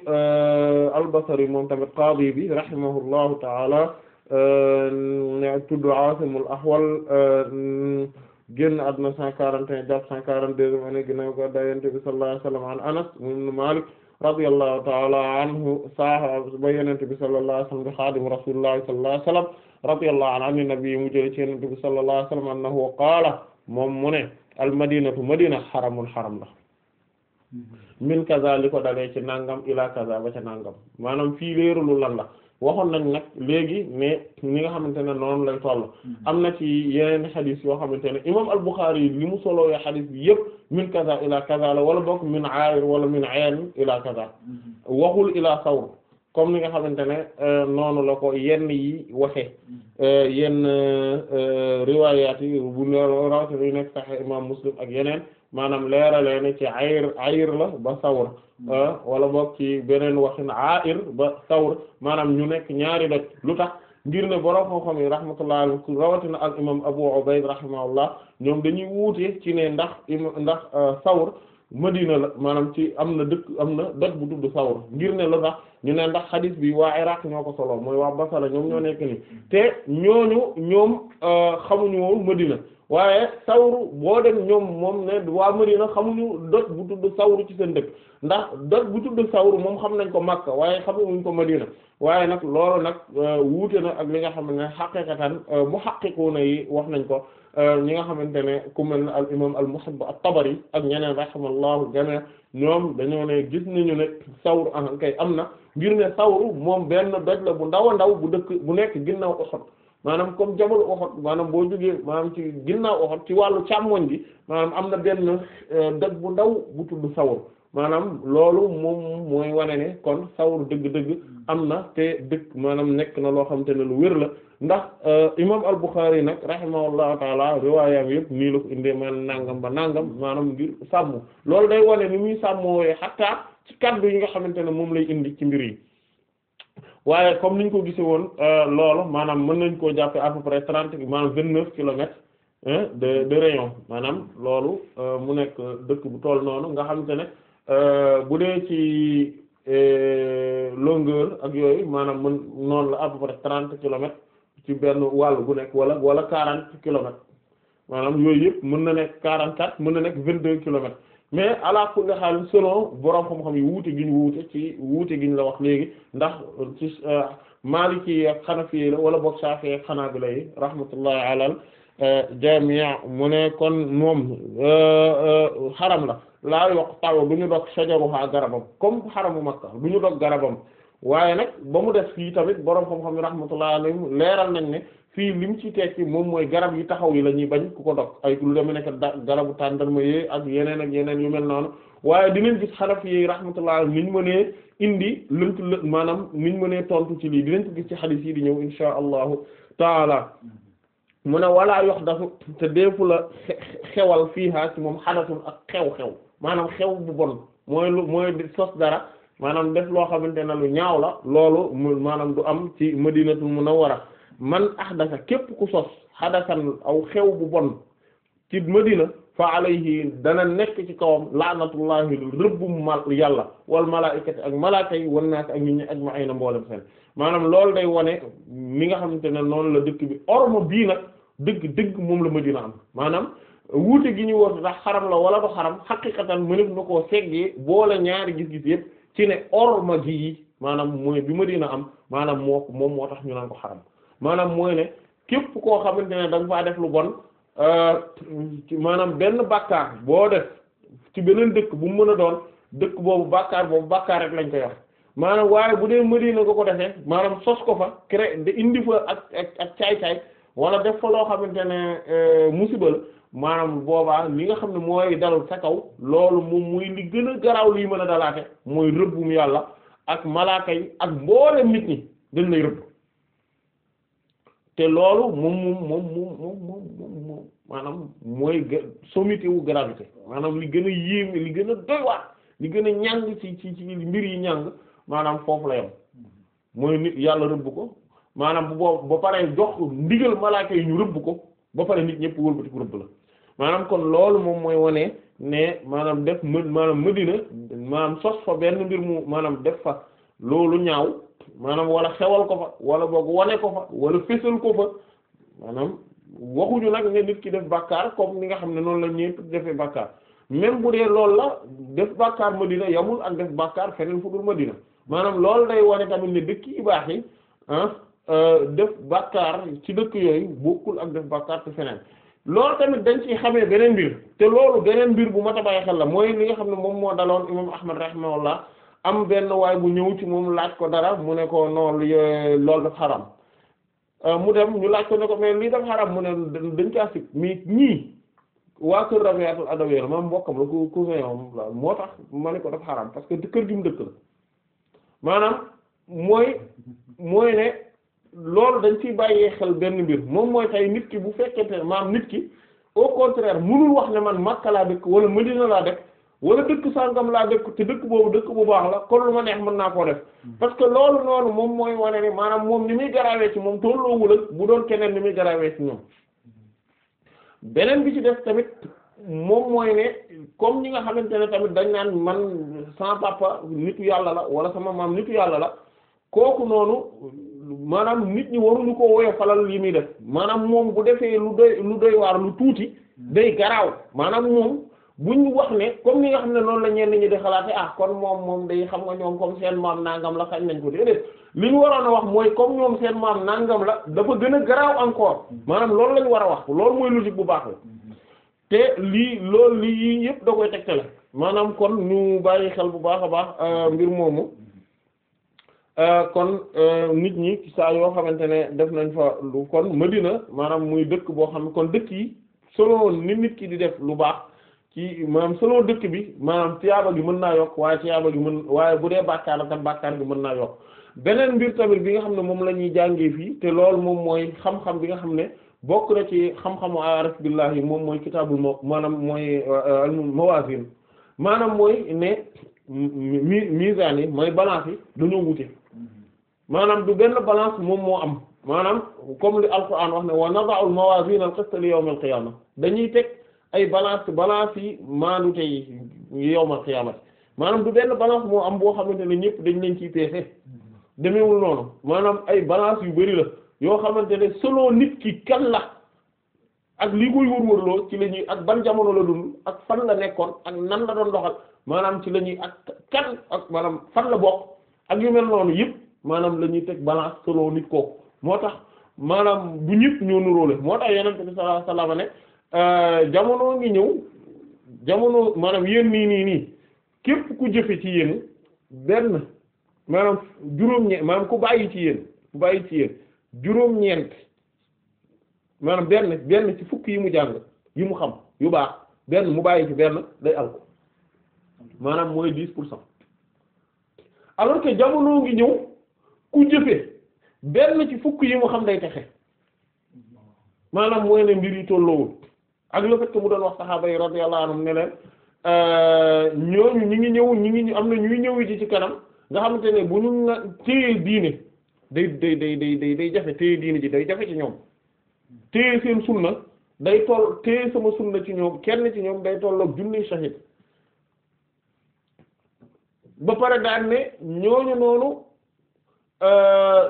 al-Basri moom tamit qaadi bi rahimahullahu ta'ala Euh, tudd Aasimul Ahwal euh, génn àdduna 141 jàpp 142 année ginnaaw gàddaay Yonent bi sallallahu alayhi wa sallam an Anas ibn Malik radiyallahu ta'ala anhu saahaba ba Yonent bi sallallahu alayhi wa sallam di xaadimu rasulillahi sallallahu alayhi wa sallam radiyallahu anhu an nabi mu jëlee ci Yonent bi sallallahu alayhi wa sallam annahu qaala moom mu ne al madinatu madina xaramul xaram la mm-hmm. min kaza li ko dalee ci nangam ila kaza ba ca nangam maanaam fii leeralul lan la. waxoon nañ nag léegi ne ñi nga xamante ne noonu lay toll mm-hmm. am na ci yeneen xadis yoo xamante ne imam al-Bukhari yi li mu solowee xadis bi yëpp min kaza ila kaza la wala bokk min aayir wala min ayn ila kaza mm-hmm. waxul ila sawr comme ni nga xamante ne euh, noonu la ko yenn yi waxe mm-hmm. euh, yen euh, riwaayaat yi bu rawatina yu nekk sax imam Muslim ak yeneen maanaam leeralee ne ci ayir ayir la ba sawr hmm. ah, wala boog ci beneen waxin air ba sawr maanaam ñu nekk ñaari doj lu tax ngir ne borom xam-xam yi rahmatullah rawatina ak imam Abu Ubayd rahimahullah ñoom dañuy wuute ci ne ndax ndax ah, sawr madina la maanaam ci am na dëkk am na doj bu tudd sawr ngir ne lu tax ñu ne ndax xadis bi waa Iraq ñoo ko solo mooy waa Basra ñoom ñoo nekk nii hmm. te ñooñu ñoom ah, xamuñu woon madina waaye sawru boo dem ñoom moom ne waa Madina xamuñu doj bu tudd sawru ci seen dëkk ndax doj bu tudd sawru moom xam nañ ko Makka waaye xamuñu ko Madina waaye nag loolu nag euh, na ak li nga xam ne xaqiqatan euh, muhaqqiquna yi wax nañ ko euh, ñi nga xamante ne ku mel ne al imam al Muhib at-Tabari ak ñeneen rahimallahu jamii ñoom dañoo ne gis nañu ne sawru ahan am na ngir ne sawru moom benn doj la bu ndaw ndaw bu dëkk bu nekk ginnaaw Uhud maanaam comme jabal Uhud maanaam boo jógee maanaam ci ginnaaw Uhud ci wàllu càmmooñ gi maanaam am na benn euh, dëkk bu ndaw bu tudd Sawr maanaam loolu moom mooy wane ne kon Sawr dëgg-dëgg am na te dëkk maanaam nekk na loo xamante ne lu wér la ndax euh, imaam al-Bukhari nag rahimahullahu taala riwaayam yëpp nii la ko indee maanaam nangam ba nangam maanaam ngir sàmm loolu day wane ni muy sàmmoowee xataa ci kaddu yi nga xamante ne moom lay indi ci mbir yi. waaye comme niñ ko gisee woon euh, loolu maanaam mën nañ koo jàppe à peu près trente maanaam vingt neuf kilomètres de rayon maanaam loolu euh, mu nekk dëkk bu tool noonu nga xamante ne euh, bu dee ci longueur ak yooyu maanaam mën noonu la à peu près trente kilomètres ci benn wàll gu nekk wala wala quarante kilomètres maanaam yooyu yëpp mën na nekk quarante quatre mën na nekk vingt deux kilomètres mais ala kulli haal selon borom xam-xam yi wuute giñ ñu ci wuute gi la wax léegi ndax ci euh, Maliki ak Hanafi la wala boog Shafi'i ak Hanabila yi rahmatullahi alal euh, jamii mu ne kon moom euh, xaram la laa yokk taw bu ñu dog shajaruha garabam comme xaramu Makka bu ñu dog garabam waaye nag ba mu def fii tamit borom xam-xam yi rahmatullahi alayhim leeral nañ ne fii lim ci tekki moom mooy garab yi taxaw yi la ñuy bañ ku ko dog ay lu deme nekk da garabu tàndarma yee ak yeneen ak yeneen yu mel noonu waaye dinañ gis xanaf yi rahmatullah niñ mënee indi lënt lënt maanaam niñ mënee tontu ci lii dinañ ko gis ci xadiis yi di ñëw insha allahu taala mu ne walaa yox dafu te deefu la xewal fii ha ci moom xadatul ak xew-xew maanaam xew bu bon mooy lu mooy sos dara maanaam def loo xamante ne lu ñaaw la loolu maanaam du am ci madinatul munawwara man ahdasa képp ku sos hadasan aw xew bu bon ci madina fa alayhi dana nekk ci kawam laanatullahi rëbbum mal yàlla wal malaikati ak malaaka yi wan naat ak nit ñi ajma'ina mboolem seen maanaam loolu day wone mi nga xamante ne noonu la dëkk bi orma bii nag dëgg dëgg moom la madina am maanaam wuute gi ñu woote ndax xaram la wala du xaram xaqiqatan mënef na koo seggee boole ñaari gis ci ne orma gi yi maanaam mooy bi madina am maanaam moo moom moo tax ñu naan ko xaram maanaam mooy ne képp koo xamante ne da nga faa def lu bon euh, maanaam benn bàkkaar boo def ci beneen dëkk bu mu mën a doon dëkk boobu bàkkaar boobu bàkkaar rek lañ ko wax maanaam waaye bu dee Madina nga ko defee maanaam sos ko fa cré de indi fa ak ak ak caay wala def fa loo xamante ne euh, musiba la maanaam boobaa li nga xam ne mooy dalul sa kaw loolu moom muy li gën a garaaw lii mën a dalaate mooy rëbbum yàlla ak malaaka yi ak mboolem nit ñi dañ lay rëbb te loolu moom moom moom moom moom moom maanaam mooy sommité wu gravité maanaam li gën a yéeme li gën a doy waar li gën a ñàng ci ci ci mbir yi ñàng maanaam foofu la yam mooy nit yàlla rëbb ko maanaam bu ba pare jox ndigal malaaka yi ñu rëbb ko ba pare nit ñëpp wëlbati ko maanaam kon loolu moom mooy wane ne maanaam def mën maanaam Medina sos fa benn mbir mu maanaam def fa loolu ñaaw maanaam wala xewal ko fa wala boog wane ko fa wala fésal ko fa maanaam waxuñu nag ne nit ki def bàkkaar comme ni nga xam ne noonu la ñeent defee bàkkaar même bu dee loolu la def bàkkaar Madina yamul ak def bàkkaar feneen fu dul Madina maanaam loolu day wane tamit ni dëkk yu baax yi ah euh, def bàkkaar ci dëkk yooyu bokkul ak def bàkkaar ci feneen loolu tamit dañ ci xamee beneen mbir te loolu beneen mbir bu ma a bàyyi xel la mooy li nga xam ne moom moo daloon imam Ahmad rahimahullah am benn waay bu ñëw ci moom laaj ko dara mu ne ko non euh, loolu daf xaram euh, mu dem ñu laaj ko ne ko mais lii daf xaram mu ne dañ caa sib mii ñii waa kër Rabi'atul Adawiyya maam mbokkam la ku cousin am la moo tax ma ne ko daf xaram parce que kër gi mu dëkk la maanaam mooy mooy ne loolu dañ ciy bàyyee xel benn mbir moom mooy tey nit ki bu fekkente maam nit ki au contraire munul wax ne man Makka laa dëkk wala Madina laa dëkk wala dëkk sàngam laa dëkk te dëkk boobu dëkk bu baax la kon lu ma neex mën naa koo def hmm. parce que loolu noonu moom mooy wane ne maanaam moom ni muy garawee ci moom tolloowul ak bu doon keneen ni muy garawee ci ñoom hmm. beneen bi ci def tamit moom mooy ne comme ñi nga xamante ne tamit dañ naan man sama papa nitu yàlla la wala sama maam nitu yàlla la kooku noonu maanaam nit ñi waruñu ko woyo falal yi muy def maanaam moom bu defee lu doy lu doy waar lu tuuti hmm. day garaaw maanaam moom buñ wax ne comme ni nga xam ne noonu la ñenn ñi di xalaate ah kon moom moom day xam nga ñoom comme seen maam nangam la xañ nañ ko déedéet li ñu waroon a wax mooy comme ñoom seen maam nangam la dafa gën a garaaw encore maanaam loolu lañ war a wax loolu mooy logique bu baax la te lii loolu lii yii yëpp da koy tegtale maanaam kon ñu bàyyi xel bu baax a baax euh, mbir moomu euh, kon euh, nit ñi saa yoo xamante ne def nañ fa lu kon Medina maanaam muy dëkk boo xam ne kon dëkk yi solo ni nit ki di def lu baax ci maanaam selon dëkk bi maanaam tiyaaba gi mën naa yokk waaye tiyaaba gi mën waaye bu dee bàkkaar la tam bàkkaar bi mën naa yokk beneen mbir tamit bi nga xam ne moom la ñuy jàngee fii te lool moom mooy xam-xam bi nga xam ne bokk na ci xam-xamu arif yi moom mooy kitaabul moo maanaam mooy euh, mawazin maanaam mooy ne mi misaan yi mooy balance yi dañoo wute maanaam du benn balance moom moo am maanaam comme li alquran wax ne wa nada'u al mawazin al qist dañuy teg ay balance balance yi maanute yi yowmal xiyaamati maanaam du benn balance moo am boo xamante ne ñëpp dañ leen ciy peese demeewul noonu maanaam ay balance yu bari la yoo xamante ne solo nit ki kan la ak lii koy wër-wërloo ci la ak ban jamono la dund ak fan la nekkoon ak nan la doon doxal maanaam ci lañuy ak kan ak maanaam fan la bokk ak yu mel noonu yëpp maanaam la ñuy teg balance selon nit kooku moo tax maanaam bu ñëpp ñoo nuróole moo tax yonent Euh, jamono ngi ñëw jamono maanaam yéen nii nii nii képp ku jëfe ci yéen benn maanaam juróom-ñeent maanaam ku bàyyi ci yéen ku bàyyi ci yéen juróom-ñeent maanaam benn benn ci fukk yi mu jàng yi mu xam yu baax benn mu bàyyi ci benn day am maanaam mooy dix pour cent alors que jamono ngi ñëw ku jëfe benn ci fukk yi mu xam day texe maanaam mooy ne mbir yi tolloowul ak le fait mu doon wax saxaaba yi radiyallahu anhum ne leen euh, ñooñu ñi ngi ñëw ñi ngi am na ñuy ñëw ci ci kanam nga xamante ne bu ñu nga téye diine day day day day day day jafe téye diine day jafe ci ñoom téye seen sunna day toll téye sama sunna ci ñoom kenn ci ñoom day tolloog junni shahid ba pare daan ne ñooñu noonu euh,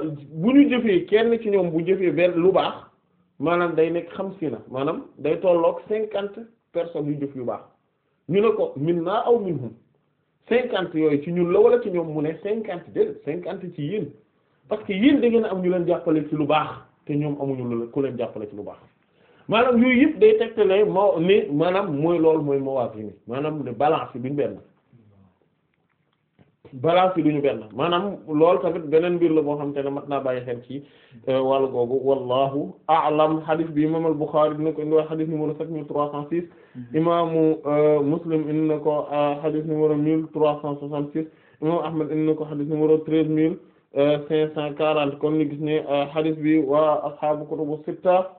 bu ñu jëfee kenn ci ñoom bu jëfee lu baax maanaam day nekk xam xamsiina maanaam day tollook cinquante personnes yu jëf yu baax ñu ne ko minna aw minhum cinquante yooyu ci ñun la wala ci ñoom mu ne cinquante déedéet cinquante ci yéen parce que yéen da ngeen am ñu leen jàppale ci lu baax te ñoom amuñu lu ku leen jàppale ci lu baax maanaam yooyu yëpp day tegtale moo ni maanaam mooy loolu mooy mawaazin maanaam ne balance bi ñu benn balance yi duñu benn maanaam lool tamit beneen mbir la boo xam te ne mat naa bàyyi xel ci euh, wàllu googu wallahu a'lam hadith bi imam al-Bukhari dina ko indi waa hadith numéro sept mille trois cent six mhm. imaamu euh, Muslim indi na ko euh, hadith numéro mille trois cent soixante six imaamu Ahmad indi na ko hadith numéro treize mille cinq cent quarante kon ni gis ne hadith bi waa ashaabu kutubu sitta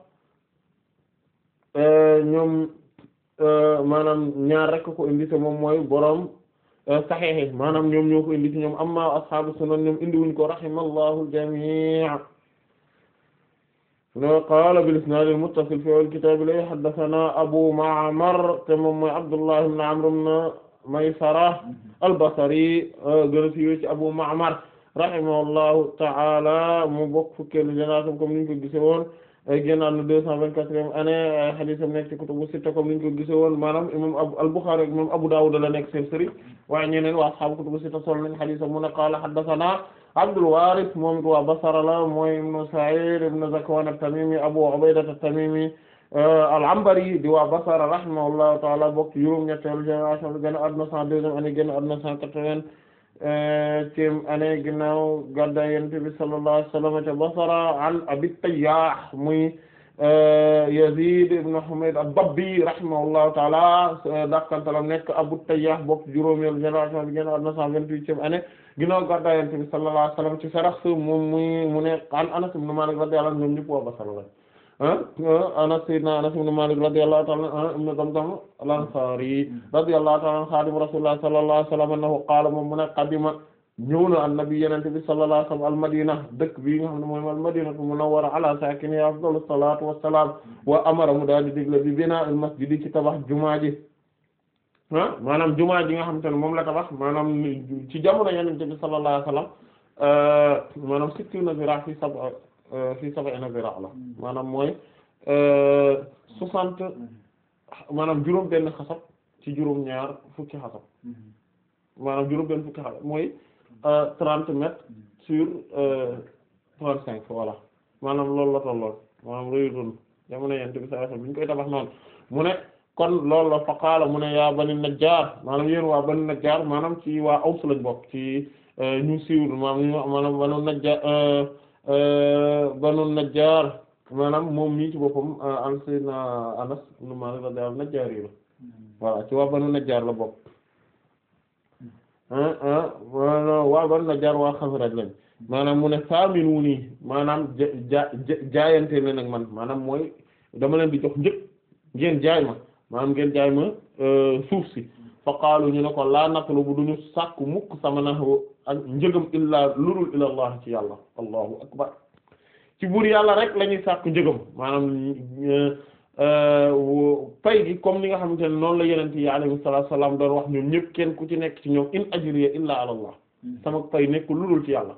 ñoom maanaam ñaar rek ko indi te moom mooy boroom Euh, saxeexe maanaam ñoom ñoo ko indi ci ñoom amma ashabu sunan ñoom indi wuñ ko rahimallahu al-jami' no qaala bil isnaad al muttasil fi al kitaab la haddathana abu ma'mar te moom mooy abdullah ibn amr ibn maysara al basri euh, gën a siiwee ci abu ma'mar rahimahullahu ta'ala mu bokk fukkeelu génération comme niñ ko gise woon génn àdduna deux cent vingt-quatrième année ay xadiisam nekk ci kutubu sitta comme niñ ko gisee woon maanaam imam al-Bukhari ak imam Abu Dawud la nekk seen sëriñ waaye ñeneen waa ashaabu kutubu sitta sol nañ xadiisam mu ne qaala haddasanaa Abdul Waaris moom it waa Basra la mooy ibnu Sa'iid ibnu Zakwaan at-Tamiimi Abu Ubayda at-Tamiimi euh, al-Anbari di waa Basra rahimahullahu ta'aala bokk juróom-ñetteelu génération génn àdduna cent deuxième année génn àdduna cent quatre-vingt ci année ginnaaw gàddaay Yonent bi sallallahu alayhi wa sallam ca Basra an Abi Tayyah muy e, Yazid ibn Humayd ad-Dabbi rahimahullahu ta'ala dakkantalam nekk Abu Tayyah bokk juróomeel génération bi génn na cent vingt-huitième année ginnaaw gàddaay Yonent bi sallallahu alayhi wa sallam ci Sarax moom muy mu ne an Anas ibn Malik radiyallahu anhu ñoom ñëpp waa Basra la anas sayyidina anas ibn malik radiyallahu ta'ala ibn damdam al-ansari radiyallahu ta'ala khadim rasulullah sallallahu alayhi wa sallam annahu qaala moom mu ne qadima ñëw na annabi yenente bi sallallahu alayhi wa sallam almadina dëkk bii nga xam ne mooy almadinatu munawwara ala sakiniha afdalu salatu wassalam wa amara mu daal di digle bi bina al-masjid ci tabax jumaa ji ah maanaam jumaa ji nga xam te ne moom la tabax maanaam ci jamono yenente bi sallallahu alayhi wa sallam uh, maanaam surtout na bi ra fi saba fii sab'ina zira la mm. maanaam mooy euh, soixante maanaam juróom benn xasab ci juróom ñaar fukki xasab mm. maanaam juróom benn fukki xasab mooy mm. euh, trente mètres sur euh, trente cinq voilà maanaam loolu la tolloon maanaam réyutoon jamono yent koy mu ne kon loolu la fa mu ne yaa bani najjaar maanaam yéen waa bani najjaar maanaam ci waa aws lañ bokk ci ñu siiwul maanaam ñu maanaam banu Euh, banu najjar maanaam moom mii ci boppam euh, an sayyidina anas ibn malik radiyallahu anhu najjar yi la voilà ci waa banu najjar la bokk waa banu najjar waa xasraj lañ maanaam mu ne saaminu nii maanaam ja jaayante leen nag man manam mooy dama leen di jox njëg ngeen jaay ma maanaam ngeen jaay ma euh, suuf si fa qaalu ñu ne ko laa naqlubu duñu sàkku mukk sama naxu ak njëgam illaa lurul ilallah ci yàlla allahu akbar ci buur yàlla rek lañuy ñuy sàkku njëgam maanaam euh, euh, pay gi comme ni nga xamante ne noonu la yenente yi alayhi salaatu salaam doon wax ñoom ñëpp kenn ku ci nekk ci ñoom in ajriya illaa ala allah hmm. sama pay nekk lurul ci yàlla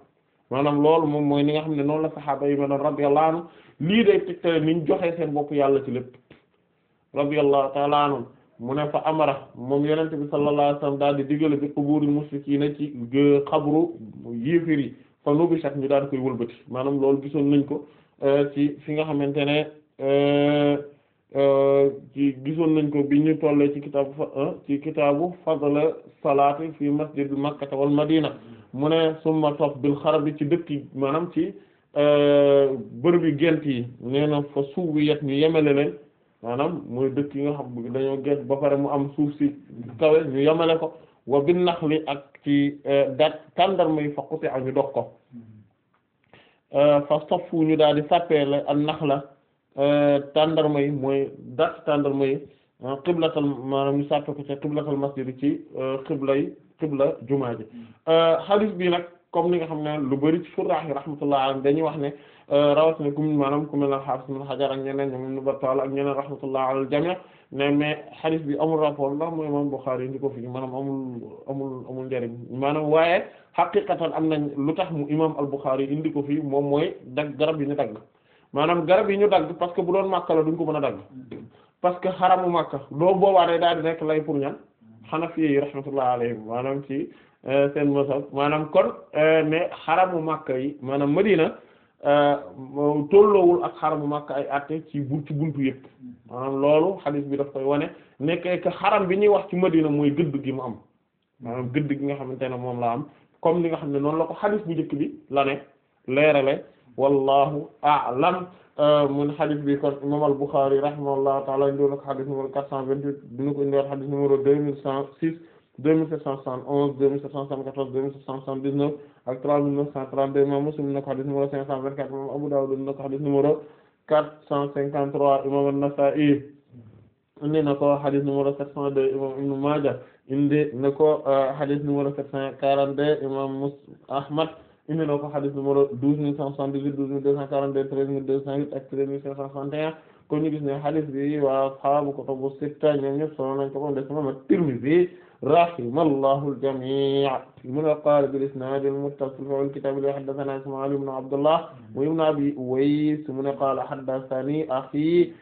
maanaam loolu moom mooy ni nga xam ne noonu la saxaaba yi ma doon radiyallahu anhu lii day tegtale niñ joxe seen bopp yàlla ci lépp radiyallahu ta'ala anhu mu ne fa amara moom yonent bi sallallahu alayhi wasallam daal di digale bi quburul musrikiina ci xabru yéefér yi fa nubishat ñu daal koy wëlbati maanaam lool gisoon nañ ko euh, ci fi nga xamante ne euh, euh, ci gisoon nañ ko bi ñu tollee ci kitaabu ci kitaabu fadl salaati fi masjid makkata wal madina mu ne summa topp bil xarabi ci dëkki maanaam ci bërëb yi gent yi nee na fa suubi yet ñu yemele leen maanaam mooy dëkk yi nga xam dañoo géej ba pare mu am suuf si kawe ñu yamale ko wa bin naxli ak ci euh, dat tàndarma yi faqute ak ñu dox ko euh, fa safu ñu daal di sàppeele ak nax la euh, tàndarma yi mooy dat tàndarma yi ah, qiblatal maanaam ñu sàppe ko ci qiblatal masjid ci qibla yi qibla jumaa ji hadith bi nag comme ni nga xam ne lu bari ci furraax yi rahmatullah wax ne rawatina ku maanaam ku mel ne Hafiz ibn Hajar ak ñeneen ñoom Ibn Battal ak ñeneen rahmatullah alal jami' ne mais hadith bi amul rapport ndax mooy imam Bukhari ndi ko fi maanaam amul amul amul njëriñ maanaam waaye xaqiqatan am nañ lu tax mu imam al-Bukhari indi ko fi moom mooy dagg garab yi ñu dagg maanaam garab yi ñu dagg parce que bu doon Makka la duñ ko mën a dagg parce que xaramu Makka doo boobaa day daal di nekk lay pour ñan Hanafi yi rahmatullah alayhim maanaam ci euh, seen mosaf maanaam kon euh, ne xaramu Makka yi maanaam Madina Euh, tolloowul ak xaramu Makka ay atte ci bu ci buntu yëpp maanaam loolu xadiis bi daf koy wane nekkee que xaram bi ñuy wax ci Madina mooy gëdd gi mu am maanaam gëdd gi nga xamante ne moom la am comme li nga xam ne noonu la ko xadiis bu njëkk bi la ne leerale wallahu a'lam euh, mun xadiis bi kon imam al-Bukhari rahimahullahu ta'ala indi woon ko xadiis numéro 428 dina ko indi woon xadiis numéro 2106 2771 2774 2779 ak 3932 imam Muslim na ko xadis numéro 524 imam Abu Dawud na ko xadis numéro 453 imam An-Nasa'i indi na ko xadis numéro 702 imam Ibn Maaja indi na ko xadis euh, numéro 742 imam Mus Ahmad indi na ko xadis numéro 12178 12242 13208 ak 13561 kon ñu gis ne xadis bi waa ashaabu kutubu sitta ñoom ñëpp solo nañ ko moom des imam At-Tirmidhi rahimallahu al-jamii' mu ne qaala bil-isnaad al-muttasil fil kitaab li haddathanaa Ismaa'iil ibn Abdullah wa ibn Abi Uways mu ne qaala haddathanii akhii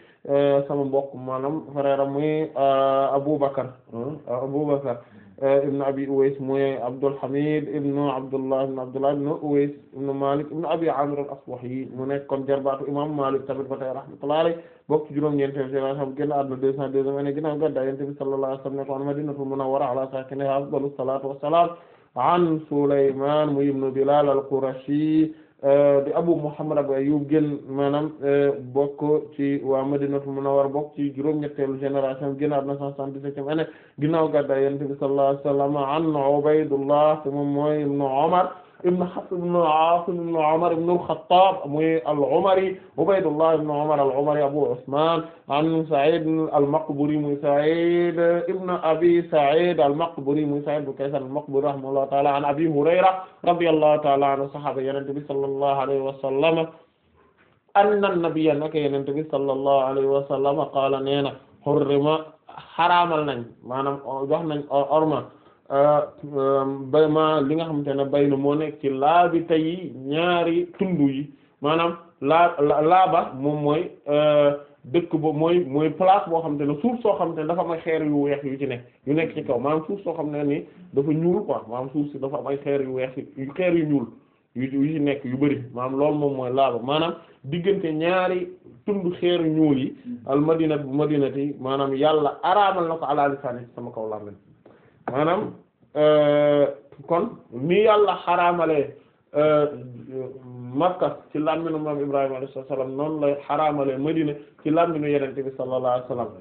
sama mbokk maanaam frère muy euh, Aboubacar hmm, Aboubacar ibn abi uways mooy abdul hamid ibn abdullah ibn abdullah ibn uways ibn malik ibn abi amir al asbahi mu nekkoon jarbaatu imam malik tamit ba tey rahmatullahi alayhi bokk ci juróom-ñeenteelu génération génn àdduna deux cent deuxième année ginnaaw gàddaay Yonent bi sallallahu alayhi wa sallam nekkoon madinatul munawwara ala saakinihaa afdalu salaatu wa salaam an sulayman ibn bilal al qurashi Euh, di Abu Muhammad Abu Ayyub génn maanaam euh, bokk ci waa Madinatul Munawwara bokk ci juróom-ñetteelu génération ginnaaw na sant e année ginnaaw gàddaay Yonent bi sallallahu alayhi wa sallam an Ubaydullah moom mooy ibn Umar ibn Hafs ibn Aasim ibn Umar ibn al-Khattab muy al-Umari Ubaydullah ibn Umar al-Umari Abu Usman an Sa'id al-Maqburi muy Sa'id ibn Abi Sa'id al-Maqburi muy Sa'id ibn Kaysan al-Maqburi rahimahullahu ta'ala an Abi Hurayra radiyallahu ta'ala anhu sahaaba Yonent bi sallallahu alayhi wa sallam anna an-nabiyya naka Yonent bi sallallahu alayhi wa sallam qaala nee na hurrima xaraamal nañ maanaam jox nañ orma bay ma li nga xamante ne bay na moo nekk ci laa bi tey ñaari tund yi maanaam laa laaba moom mooy euh, dëkk ba mooy mooy place boo xam te ne suuf soo xamante ne dafa am xeer yu weex yu ci nekk yu nekk ci kaw maanaam suuf soo xam ne ni dafa ñuul quoi maanaam suuf si dafa am ay xeer yu weex yu xeer yu ñuul yu yu ci nekk yu bëri maanaam loolu moom mooy laaba maanaam diggante ñaari tund xeer ñuul yi al madinat bu madinati maanaam yàlla araamal na ko ala lisaani sama kaw làmmiñ Euh, kon ni yàlla xaraamale euh, Makka ci làmminu maam Ibrahima alayhi salaam noonu lay xaraamale Madina ci làmminu Yonent bi sallallahu alayhi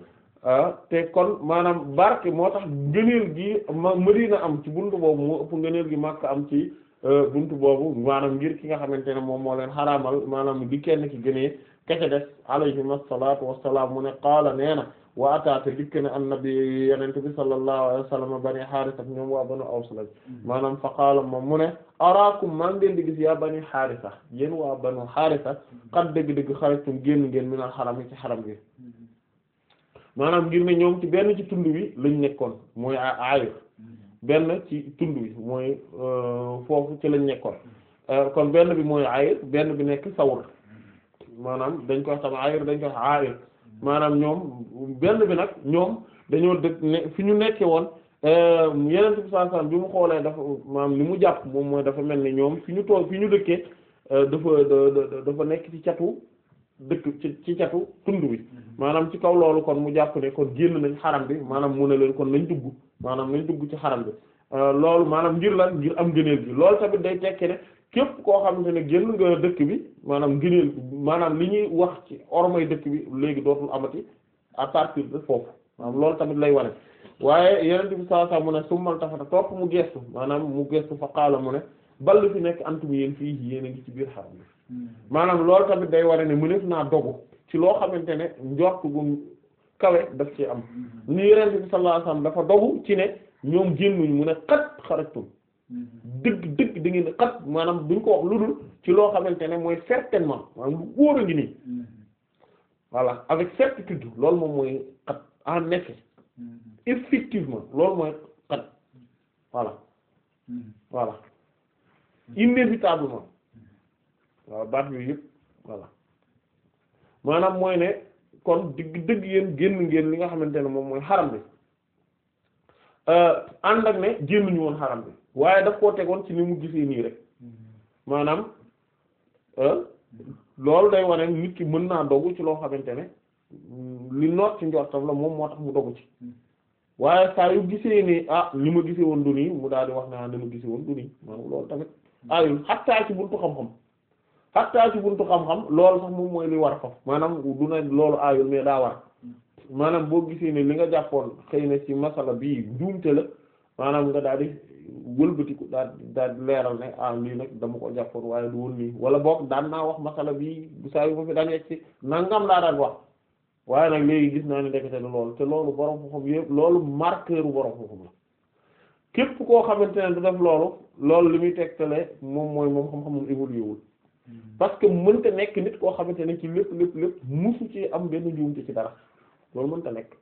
euh, te kon maanaam barke moo tax ngëneel gi ma Madina am ci bunt boobu moo ëpp ngëneel gi Makka am ci buntu boobu maanaam ngir ki nga xamante ne moom moo leen xaraamal maanaam di kenn ki gënee kese des alayhim assalaatu wassalaam mu ne qaala nee na waata te dikk na bi yenente bi sallallahu alayhi wa sallam bani haarisa ñoom waa banu aws lañ mm-hmm. maanaam fa moom mu ne araakum maa ngi leen di gis yaa bani haarisa yéen waa banu haarisa mm-hmm. xat dëgg-dëgg xaritum génn ngeen min a xaram ci xaram bi mm-hmm. maanaam ngir ne ñoom ci benn ci tund wi lañ nekkoon mooy aayir benn ci tund wi mooy euh, foofu ci lañ nekkoon euh, kon benn bi mooy aayir benn bi nekk sawr maanaam dañ koy xam aayir dañ koy aayir maanaam ñoom benn bi nag ñoom dañoo dëkk ne fi ñu nekkee woon euh, yeneen bi sallallahu alayhi bi mu xoolee dafa maam ni mu jàpp moom mooy dafa mel ni ñoom fi ñu toog fi ñu dëkkee euh, dafa dafa nekk ci catu dëkk ci ci catu tund bi mm-hmm. maanaam ci kaw loolu kon mu jàpp ne kon génn nañ xaram bi maanaam mu ne leen kon nañ dugg maanaam nañ dugg ci xaram bi euh, loolu maanaam ngir lan ngir am gëneel bi loolu tamit day tekki ne képp koo xamante ne génn nga dëkk bi maanaam ngëneel maanaam li ñuy wax ci ormay dëkk bi léegi dootul amati à partir de foofu maanaam loolu tamit lay wane waaye yeneen bi saa saa mu ne summal tafata topp mu gestu maanaam mu gestu fa xaala ball fi nekk antum yéen fii yéen a ngi ci biir xaram bi hmm. maanaam loolu day wane ne mëneef naa dogu ci loo xamante ne njort gu kawe daf ci am hmm. ni yeneen bi sallallahu alayhi wasallam dafa dogu ci ne ñoom génnuñ mu ne xat xaratum Mm-hmm. dëgg dëgg da xat maanaam duñ ko wax lu dul ci loo xamante ne mooy certainement maanaam lu wóor a ngi nii mm-hmm. voilà avec certitude loolu moom mooy xat en effet mm-hmm. effectivement loolu mooy xat voilà voilà waaw baat yooyu yëpp voilà maanaam mooy ne kon dëgg dëgg yéen génn ngeen li nga xamante ne moom mooy xaram bi euh, ànd ak ne génnuñu woon xaram bi waaye daf koo tegoon ci ni mu gisee nii rek maanaam euh, loolu day wane nit ki mën naa dogu ci loo xamante ne li noot ci njortam la moom moo tax mu dogu ci waaye saa yu gisee ni ah li ma gisee woon du nii mu daal di wax naa ah, li ma gisee woon du nii maanaam loolu tamit ayul xattaa ci buntu xam-xam xattaa ci buntu xam-xam loolu sax moom mooy li war foofu maanaam du na loolu ayul mais daa war maanaam boo gisee ni li nga jàppoon xëy na ci masala bii njuumte la maanaam nga daal di wëlbatiku daal daal di leeral ne ah lii nag dama ko jàppoon waaye du woon nii wala boog daan naa wax masala bi bu saa yu ma fi daan yegg si nangam laa daan wax waaye nag léegi gis naa ne ndekete ne loolu te loolu borom xam-xam yëpp loolu marqueur borom xam képp koo xamante ne du def loolu loolu li muy tegtale moom mooy moom xam-xamum évolué wul hmm. parce que mënta nekk nit koo xamante ne ci lépp lépp lépp musu ci am benn njuumte ci dara loolu mënta nekk.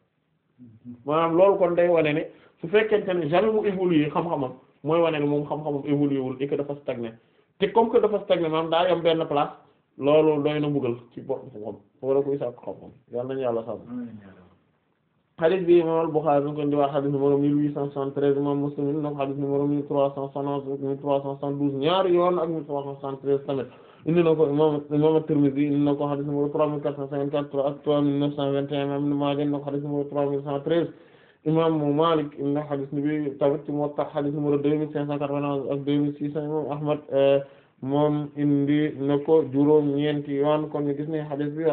maanaam loolu kon day wane ne su fekkente ne jamais mu évoluer xam-xamam mooy wane ne moom xam-xamam évoluer wul et que dafa stagné te comme que dafa stagné maanaam daa yam benn place loolu doy na mbugal ci borom xam-xam wala kuy sàkk xam-xam yàlla nañu yàlla sàmm xadis bi imam al-Bukhari ñu ngi koy diwaat xadis numéro 1873 imam Muslim ñu ngi koy xadis numéro ñaari yoon ak 1373 tamit. indi na ko imam imam At-Tirmidhi indi na ko xadis numéro trois mille quatre cent cinquante-quatre ak trois mille neuf cent vingt et un indi na ko xadis numéro trois mille cent treize imam Malik indi na xadis bi tamit ci Muwatta xadis deux mille cent quatre-vingt-onze deux mille six cents imam Ahmad eh, moom indi na ko juróom ñeenti yoon kon ñu gis ne xadis bi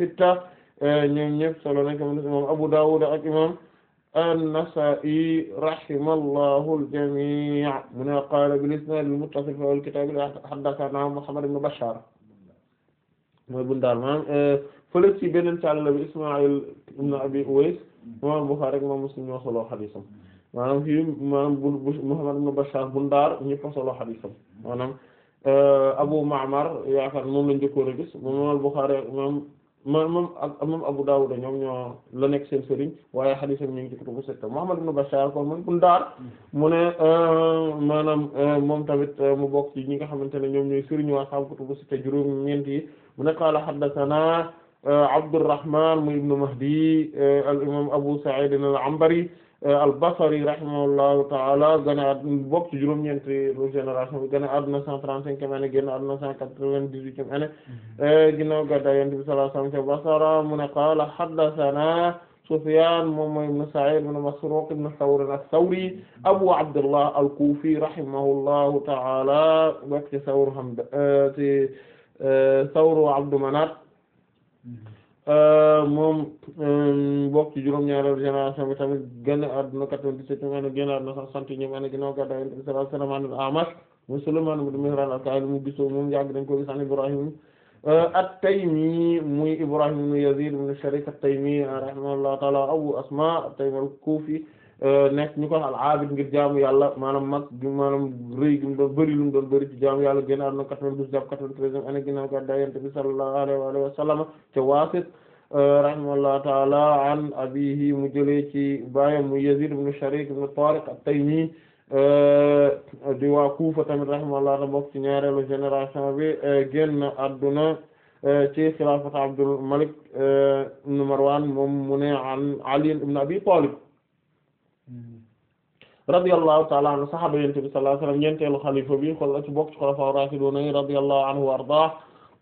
sitta eh, ñoom solo nañ ko imam Abu Dawud ak imam an-Nasaa'i rahimahullahu al-jamii' mu ne qaala bil-isnaad al-muttasil fi al-kitaab haddathanaa Muhammad ibn Bashaar mooy Bundaar maanaam eh, fële ci beneen càll bi Ismaa'iil ibn Abi Uways imaam Buxaari ak imaam Muslim ñoo solo hadiisam maanaam fii maanaam bu Muhammad ibn Bashaar Bundaar ñépp solo hadiisam maanaam eh, Abu Ma'mar yaakaar moom lañu jëkkoon a gis moom imaam Buxaari ak ma moom ak moom Abu Dawud ñoom ñoo la nekk seen sëriñ waaye xadiisam ñu ngi ci kutubu sitta Muhammad ibn Bashar kon man Bundaar mu ne euh, maanaam euh, moom tamit euh, mu bokk ci ñi nga xamante ne ñoom ñooy sëriñ waa xam kutubu sitta juróom ñeent yi mu ne qaala haddathana Abdurrahman mu ibn Mahdi al imam Abu Sa'id al-Anbari al-Basri rahimahullahu ta'ala gane àdduna bokk ci juróom-ñeenti génération bi gane àdduna 135e année génn àdduna 198e année mm-hmm. ginnaaw gàddaay Yonent bi sallallahu alayhi wa sallam ca Basra mu ne qaala haddathana Sufyan moom mooy ibn Sa'id ibn Masruq ibn Thawr ath-Thawri Abu Abdullah al-Kufi rahimahullahu ta'ala bokk ci Thawr Hamda ci eh, Thawr Abdu Manat mm-hmm. Euh, moom euh, bokk ci juróom-ñaareelu génération bi tamit génn àdduna 97 ane génn àdduna 61 ane ginnaaw gàddaay Yonent bi sallallahu alayhi wa sallam an al-A'mash mu Sulaymaan ibn Mihraan al-Kaahili mu gisoo moom yàgg dañ ko gis an Ibrahim euh, at-Taymi muy Ibrahim ibn Yazid ibn Sharik at-Taymi rahimahullahu ta'ala Abu Asma at-Taymi al-Kufi Euh, nekk ñu ko al aabid ngir jaamu yàlla maanaam mag maanaam bari gi mu doon bëri lu mu doon bëri ci jaamu yàlla génn àdduna 92 jàpp 93 année ginnaaw ko adda yonent bi sallallahu alayhi wa sallam ca Waasit euh, rahimahullahu ta'ala an mu jëlee ci baayam mu Yazid ibn Sharik ibn Tariq at-Taymi euh, di Kufa tamit rahimahullahu ta'ala bokk ci ñaareelu génération bi génn àdduna ci xilaafatu Abdul Malik ibn Marwan moom an Ali ibn Abi Talib radiyallahu ta'ala anhu sahaaba yonent bi sallallahu alayhi wa sallam ñeenteelu xalifa bi xola ci bokk ci xulafa rashidun yi radiyallahu anhu wa ardah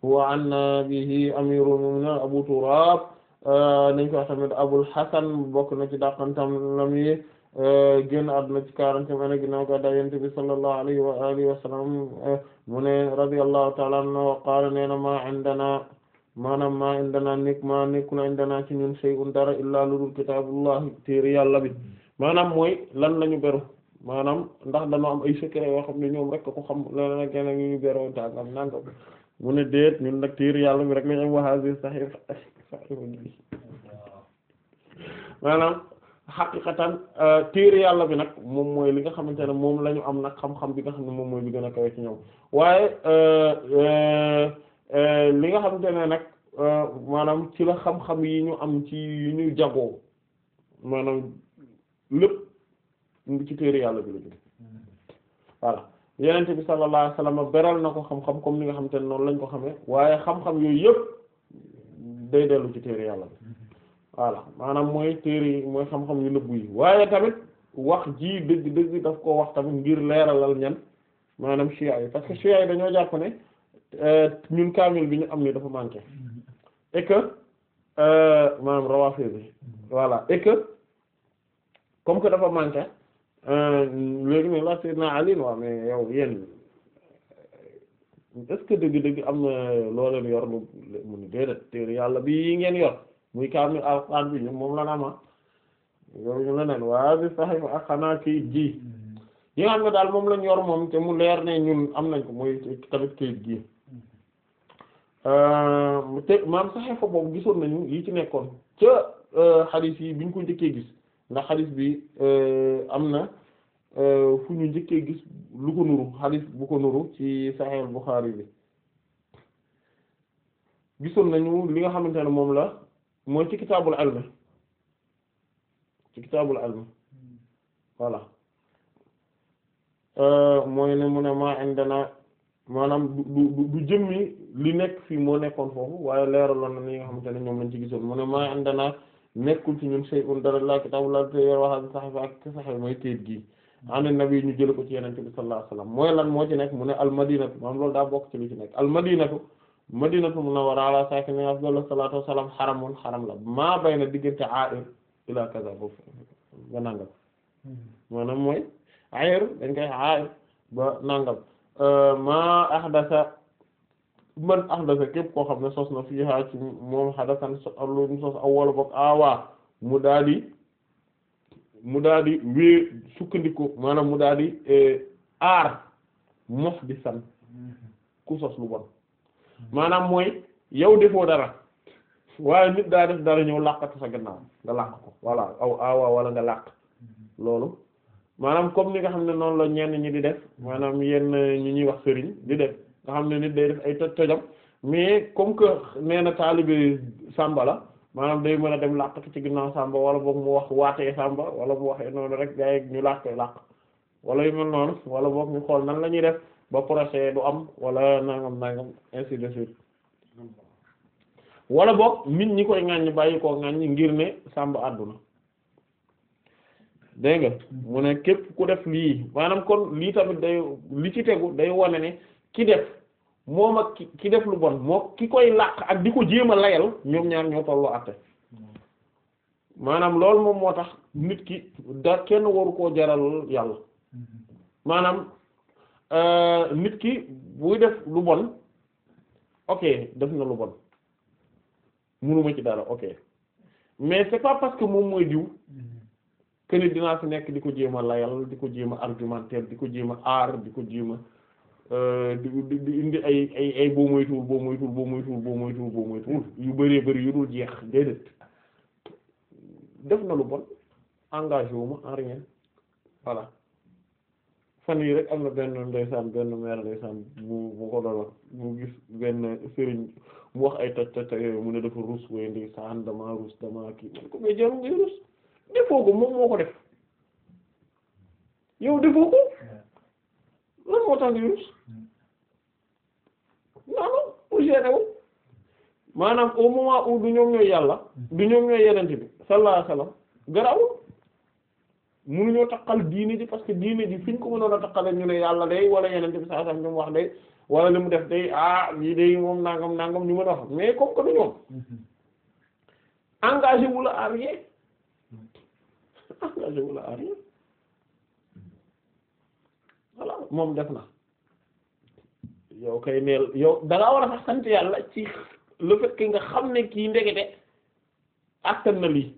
wa anna bihi amirul mu'minin abu turab euh, nañ ko wax tamit abul hasan bokk na ci dàqantam lam yi euh, génn àdduna ci quarantième année ginnaaw ga da yonent bi sallallahu alayhi wa alihi wa sallam euh, mu ne radiyallahu ta'ala anhu wa qaala nee na ma indana maanaam ma indana nekk ma nekkul indana ci ñun shay'un dara illa ludul kitaabullahi téere yàlla bi maanaam mooy lan la ñu beru maanaam ndax dañoo am ay secret yoo xam ne ñoom rek ko xam leneen ak yeneen ñu beroo tàngam nangam mu ne déet ñun nag tiir bi rek lañ am waxaasi saxir saxirbi maanaam xaqiqatan euh, tiir yàlla bi nag moom mooy li nga xamante ne moom la ñu am nag xam bi nga xam ne moom mooy bi gën a kawe ci ñoom waaye euh, euh, li nga xamante ne nag maanaam ci la xam-xam yi ñu am ci yu ñu jagoo maanaam lépp mu ci téere yàlla bi la jóge voilà yenente bi sallallahu alayhi beral na ko xam-xam comme ni nga xam te ne noonu lañ ko xame waaye xam-xam yooyu yëpp day dellu ci téere yàlla bi voilà maanaam mooy téere yi mooy xam-xam yu nëbbu yi waaye tamit wax ji dëgg dëgg daf ko wax tamit ngir leeralal ñan maanaam chia yi parce que dañoo jàpp ne euh, ñun kaamil bi ñu am ni dafa manqué et que euh, maanaam bi voilà et comme que dafa manqué euh, léegi ne la Seydina Ali waaw mais yow yéen euh, est dëgg-dëgg am na loo yor lu mu ni déedéet téere yàlla bi yi ngeen yor muy kaamil alxuraan bi ñun moom la nama yow ñu leneen waa bi saxifa ak xanaa kayit gi yi nga xam ne daal moom lañu yor moom te mu leer ne ñun am nañ ko muy tamit kayit gi euh, te maam saxifa boobu gisoon nañu yi ci nekkoon ca xadiis yi biñ ko njëkkee gis ndax xadis bi euh, am na euh, fu ñu njëkkee gis lu ko nuru xadis bu ko nuru ci Sahih Bukhari bi gisoon nañu li nga xamante ne moom la mooy ci kitaabul ilm ci kitaabul ilm voilà euh, mooy ne mu ne maa indana maanaam du du du jëmmi li nekk fii moo nekkoon foofu waaye leeraloon na li nga xamante ne ñoom lañ ci gisoon mu ne maa indana nekkul ci ñun shay'un dara la kitaabullah te yor waxabi saxafi ak ci saxafi mooy kayit gi anen nabi ñu jël ko ci yenente bi sallallahu alayhi wasallam mooy lan moo ci nekk mu ne almadinatu maam loolu daa bokk ci li ci nekk almadinatu madinatu munawwara ala saakini afdalu salaatu wassalaam xaramun xaram la maa bay na diggante air ila kaza boobu ba nàngam maanaam mooy air dañ koy air ba nàngam maa ahdasa man ahdasa képp koo xam ne sos na fii haa ci moom hadasan lu sos awwala boog aawaa mu daal di mu daa di wée sukkandiku maanaam mu daa di eh, aar mos di san mm-hmm. ku sos lu maanaam mooy yow defoo dara waaye nit daa def dara ñëw làqatu sa gannaaw nga làq ko walla aw aawaa walla nga làq mm-hmm. loolu maanaam comme ni nga xam ne noonu la ñenn ñi di def maanaam yenn ñi ñuy wax sëriñ di def nga xam ne nit day def ay tojam mais comme que nee na taalibe Samba la maanaam day mën a dem làq ci ginnaaw Samba wala boog mu wax waatee Samba wala mu waxee noonu rek gaa yi ñu làq koy làq wala yu mel noonu wala boog ñu xool nan la ñuy def ba projet du am wala nangam nangam ainsi de suite wala boog nit ñi koy ŋaññi bàyyi koo ŋaññi ngir ne Samba àdduna dégg nga mu ne képp ku def lii maanaam kon lii tamit day li ci tegu day wane ne ki def. moom ak ki ki def lu bon moo ki koy làq ak di ko jéem a layal ñoom ñaar ñoo tolloo àtte maanaam loolu moom moo tax nit ki da kenn waru koo jaral yàlla maanaam euh, nit ki buy def lu bon ok def na lu bon mënuma ci dara ok mais c'est pas parce que moom mooy diw que dinaa fi nekk di ko jéem a layal di ko jéem a argumenter di ko jéem a aar di ko jéem Euh, di di indi ay ay ay boo moytuwul boo moytuwul boo boo moytuwul boo hmm. yu bëree bëri yu dul jeex déedéet def na lu bon engagé wu ma en fan yi rek am na benn ndeysaan benn mère ndeysaan bu bu ko wax mu gis benn sëriñ mu wax ay toj toj yooyu mu ne dafa ruus waaye ndeysaan damaa ruus damaa kii man ko mais jarul ngay ruus defoo ko moom moo ko def yow defoo ko lan moo tax nga rus non non pour gérer wu maanaam au moment où du ñoom ñooy yàlla du ñoom ñooy yenente bi sallallahu alayhi wasallam garawul mënuñoo taqal diine ji parce que diine ji fi ñu ko mënoon a taqale ñu ne yàlla day wala yenente bi sallallahu alayhi wasallam wax day wala li mu def de ah lii day moom nangam nangam ni ma a wax mais comme que du ñoom engagé wu la à rien engagé voilà moom def na yow kay neel yow da war a sax sant yàlla ci le fait nga xam ne kii ndekete attan na lii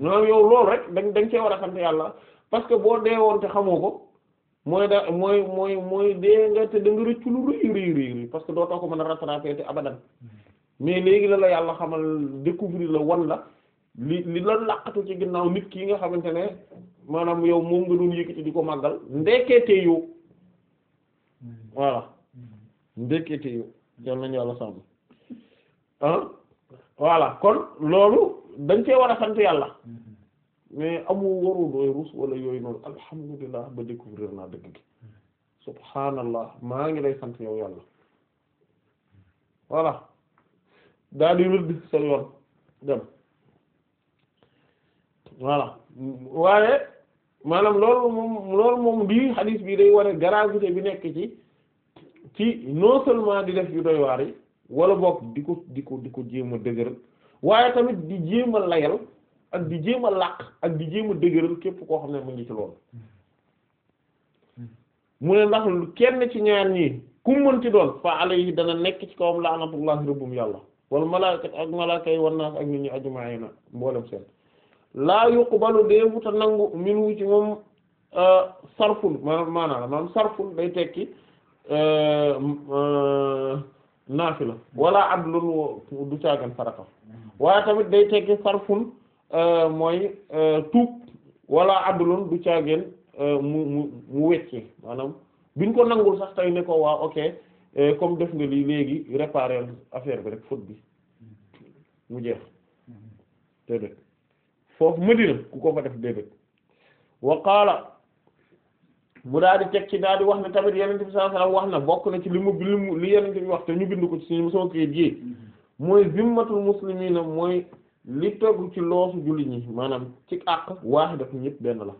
maanaam yow loolu rek da da nga cee war a sant yàlla parce que boo dee woon te xamoo ko mooy da mooy mooy mooy dee nga te da rëccu lu rëy rëy rëy parce que dootoo ko mën a rattraper te abadan mais léegi la la yàlla xamal découvrir la wan la li li la laqatu ci ginnaaw nit ki nga xamante ne maanaam yow moom nga doon yëkkati di ko màggal Hmm. voilà hmm. ndekete yu yal nañu yàlla ah, kon loolu dañ cee war a sant yàlla hmm. mais amul waru dooy rus wala yooyu noonu alhamdulilah ba découvrir naa dëgg subhaanallah maa ngi lay sant yow yàlla voilà daal di sa yoon dem voilà waaye maanaam loolu moom loolu moom lii xadis bi day wane gravité bi nekk ci ci non seulement di def yu doy waar yi wala boog di ko di ko di ko jéem a dëgëral waaye tamit di jéem a layal ak di jéem a làq ak di jéem a dëgëral képp koo xam ne mu ngi ci loolu mu ne ndax kenn ci ñaar ñii ku mën ci doon fa yi dana nekk ci kawam laanatullahi rabbum yàlla wala malaaka ak malaaka yi wan naas ak nit ñi ajmaina mboolem seen laa yuqbalu deefuta nangu minu ci moom euh, sarfun maanaam maanaam maanaam sarfun day tekki euh, euh, naafila wala adlun du caagan faraka tamit day tekki sarfun mooy tuub wala adlun du caagan mu mu mu wecce maanaam biñ ko nangul sax tey ne ko waa ok comme def nga lii léegi réparer affaire bi rek faute bi mu jeex te mm-hmm. dëkk foofu Madina ku ko fa def déedéet wa qaala mu daal di teg ci daal di wax na tamit yenente bi saa alayhi wax na bokk na ci li mu li mu li yenente bi wax te ñu bind ko ci suñu sama kayit gi mooy zimmatul muslimina mooy li tegu ci loosu jullit ñi maanaam ci àq waaxidatu ñëpp benn la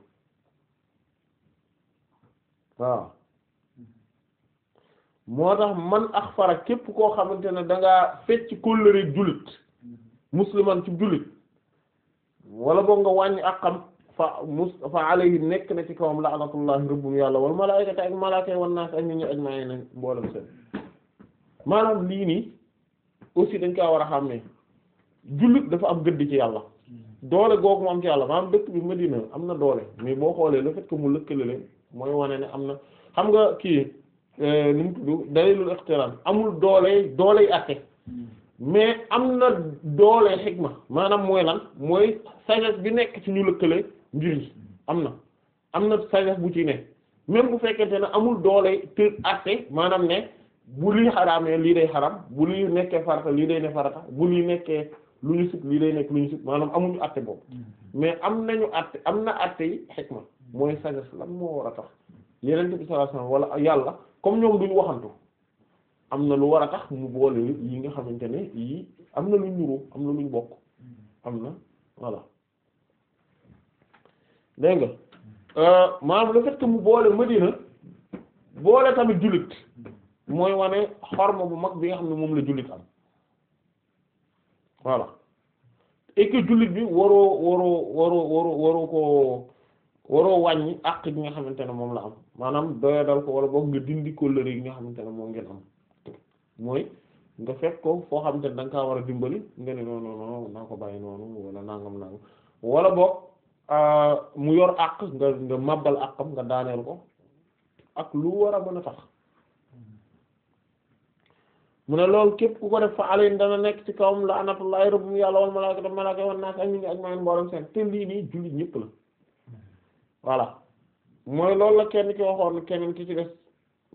waaw moo tax man axfara képp koo xamante ne dangaa fecc kóllëre jullit musliman ci jullit wala boog nga wàññi àqam fa mus fa alayhi nekk na ci kawam la'natullahi rabbum yàlla wal malaa'ikati ak malaaka wan naas ak nit ñi ajma'iina mboolem seen maanaam lii nii aussi dañ kaa war a xàmmee ne dafa am gëdd ci yàlla doole googu mu am ci yàlla am dëkk bi Medina am na doole mais boo xoolee le fait que mu lëkk leen mooy wane ne am na xam nga kii euh, nu mu tudd dalilul amul doole doole yi àtte mais am na doole xikma maanaam mooy lan mooy sagesse bi nekk ci ñu lëkkale mbir am na am na sagesse bu ci ne même bu fekkente ne amul doole te àtte maanaam ne bu lii xaraamee lii day xaram bu lii nekkee farata lii day ne farata bu lii nekkee lu ñu sib lii day nekk lu ñu sib maanaam amuñu àtte boobu mm-hmm. mais am nañu àtte am na àtte yi ma mooy sagesse lan moo war a tax yeneen bi sallallahu alayhi wasallam wala yàlla comme ñoom duñu waxantu am na lu war a tax mu boole yi nga xamante ne yii am na lu nuroo am na luñ bokk am na voilà dégg nga euh, maanaam le fait mu boole Madina boole tamit jullit mooy wane xorma bu mag bi nga xam ne moom la jullit am voilà et que bi waroo waroo waroo waroo waroo ko waroo wàññi àq gi nga xamante ne moom la am maanaam doya dal ko wala boog nga dindi kóllëre yi nga xamante ne moom ngeen am mooy nga fekk ko foo xam te da nga war a dimbali nga ne non non non naa ko bàyyi noonu wala nangam nangam wala boog euh, mu yor àq nga nga màbbal àqam nga daaneel ko ak lu war a mën a tax mu ne loolu képp ku ko def fa alayn dana nekk ci kawam la anatullahi rabbum yàlla wal malaaka daf malaaka wan naas ak nit ñi ak maen mboolem seen te lii nii jullit ñëpp la voilà mooy loolu la kenn ki waxoon keneen ki ci des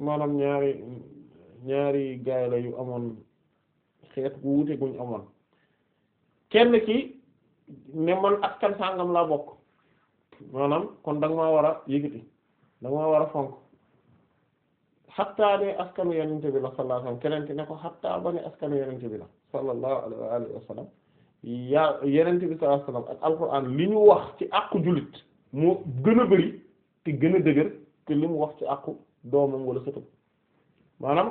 maanaam ñaari ñaari gaay la yu amoon xeet gu wute guñ amoon kenn ki ne man askan sàngam laa bokk maanaam kon da nga maa war a yëkkati da nga maa war a fonk xattaa ne askanu yenente bi la sallallahu alayhi wasallam keneen ki ne ko xattaa bi la sallallahu alayhi wasallam ak alquran li ñu wax ci àqu jullit mu gën a bëri te gën a dëgër te li mu wax ci àqu doomam wala sëtam maanaam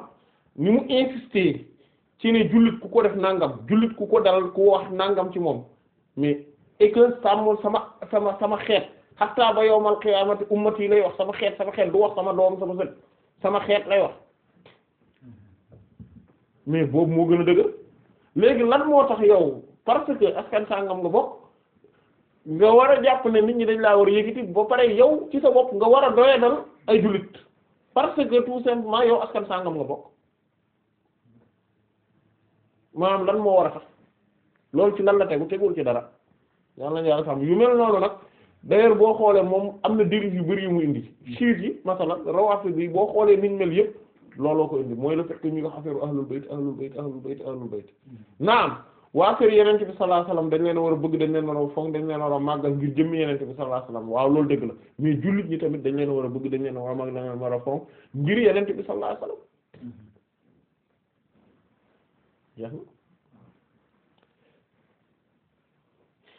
ni mu insister ci ne jullit ku ko def nangam jullit ku ko dalal ku wax nangam ci moom mais et que sàmm sama sama sama xeet xataa ba yowmal qiyaamati ummati yi lay wax sama xeet sama xeet du wax sama doom sama sët sama xeet lay wax mais boobu moo gën a dëgër léegi lan moo tax yow parce que askan sàngam nga bokk nga war a jàpp ne nit ñi dañ laa war a yëkkati ba pare yow ci sa bopp nga war a doyadal ay jullit parce que tout simplement yow askan sàngam nga bokk maanaam lan moo war a tax loolu ci lan la tegu tegul ci dara yàlla nañu yàlla sàmm yu mel noonu nag d'ailleurs boo xoolee moom am na dérive yu bari yu mu indi chiite yi masalan rawaafid bi boo xoolee niñ mel yépp looloo ko indi mooy la fekk ñu nga xafeeru ahlul bayt ahlul bayt ahlul bayt ahlul bayt naam waa kër yenente bi sallallahu alayhi dañ leen war a bëgg dañ leen war a fonk dañ leen war a màggal ngir jëmmi yenente bi sallallahu alayhi waaw loolu dëgg la mais ñi tamit dañ leen war a bëgg dañ leen war a màggal dañ war a fonk ngir yenente bi jeex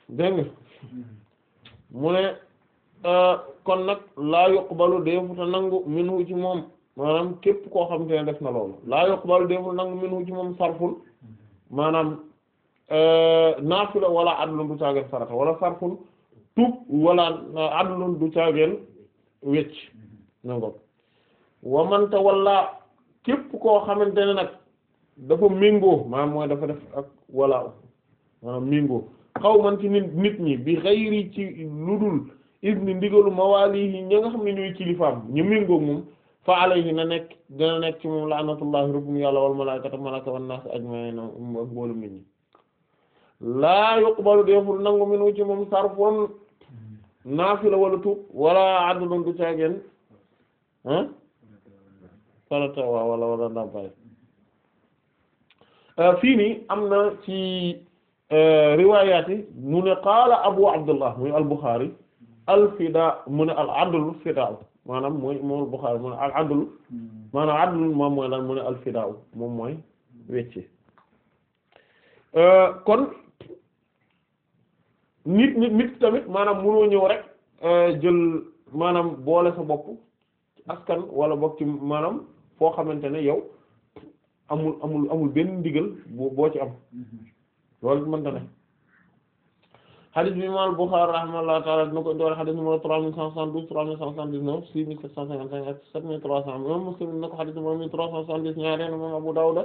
mm-hmm. mu ne euh, kon nag laa yuqbalu deefuta nangu minhu ci moom maanaam képp koo xamante ne def na loolu laa yuqbalu deefuta nangu minhu ci moom sarful mm-hmm. maanaam euh, naafila wala adlun du caageen sarata wala sarful tub wala euh, adlun du caageen wecc mm-hmm. nango wamante wala képp koo xamante ne nag dafa méngoo maanaam mooy dafa def ak walaaw maanaam méngoo xaw man ci nit nit ñi bi xayri ci ludul izni ndigalu mawaali yi ñi nga xam ne ñooy kilifaam ñu méngoo moom fa alayhi na nekk dina nekk ci moom laanatullahi rabbum yàlla wal malaikata malaka wan nas ajmaina ak mboolum nit ñi laa yuqbalu deful nangu minu ci moom du caageen ah farata waa wala wala Euh, fii nii am na ci euh, riwaayaat yi mu ne qaala abu abdullah muy al-Bukhari mu ne al-adlu fidaaw maanaam mooy moom al-Bukhari mu ne al-adlu maanaam mu ne al-fidaaw moom mooy wecce euh, kon nit nit tamit maanaam mënoo ñëw rek jël maanaam boole sa bopp askan wala bokk ci maanaam foo xamante ne yow amul amul amul benn ndigal boo boo ci am loolu mënta ne xadis bi imaam Buxaari rahimahullahu ta'ala dina ko door xadis numéro trois mille cent soixante trois mille cent dix neuf six mille sept cent cinquante-cinq ak sept trois cents imaam Muslim dina ko xadis numéro mille trois cent dix ñaareel Abu Dawud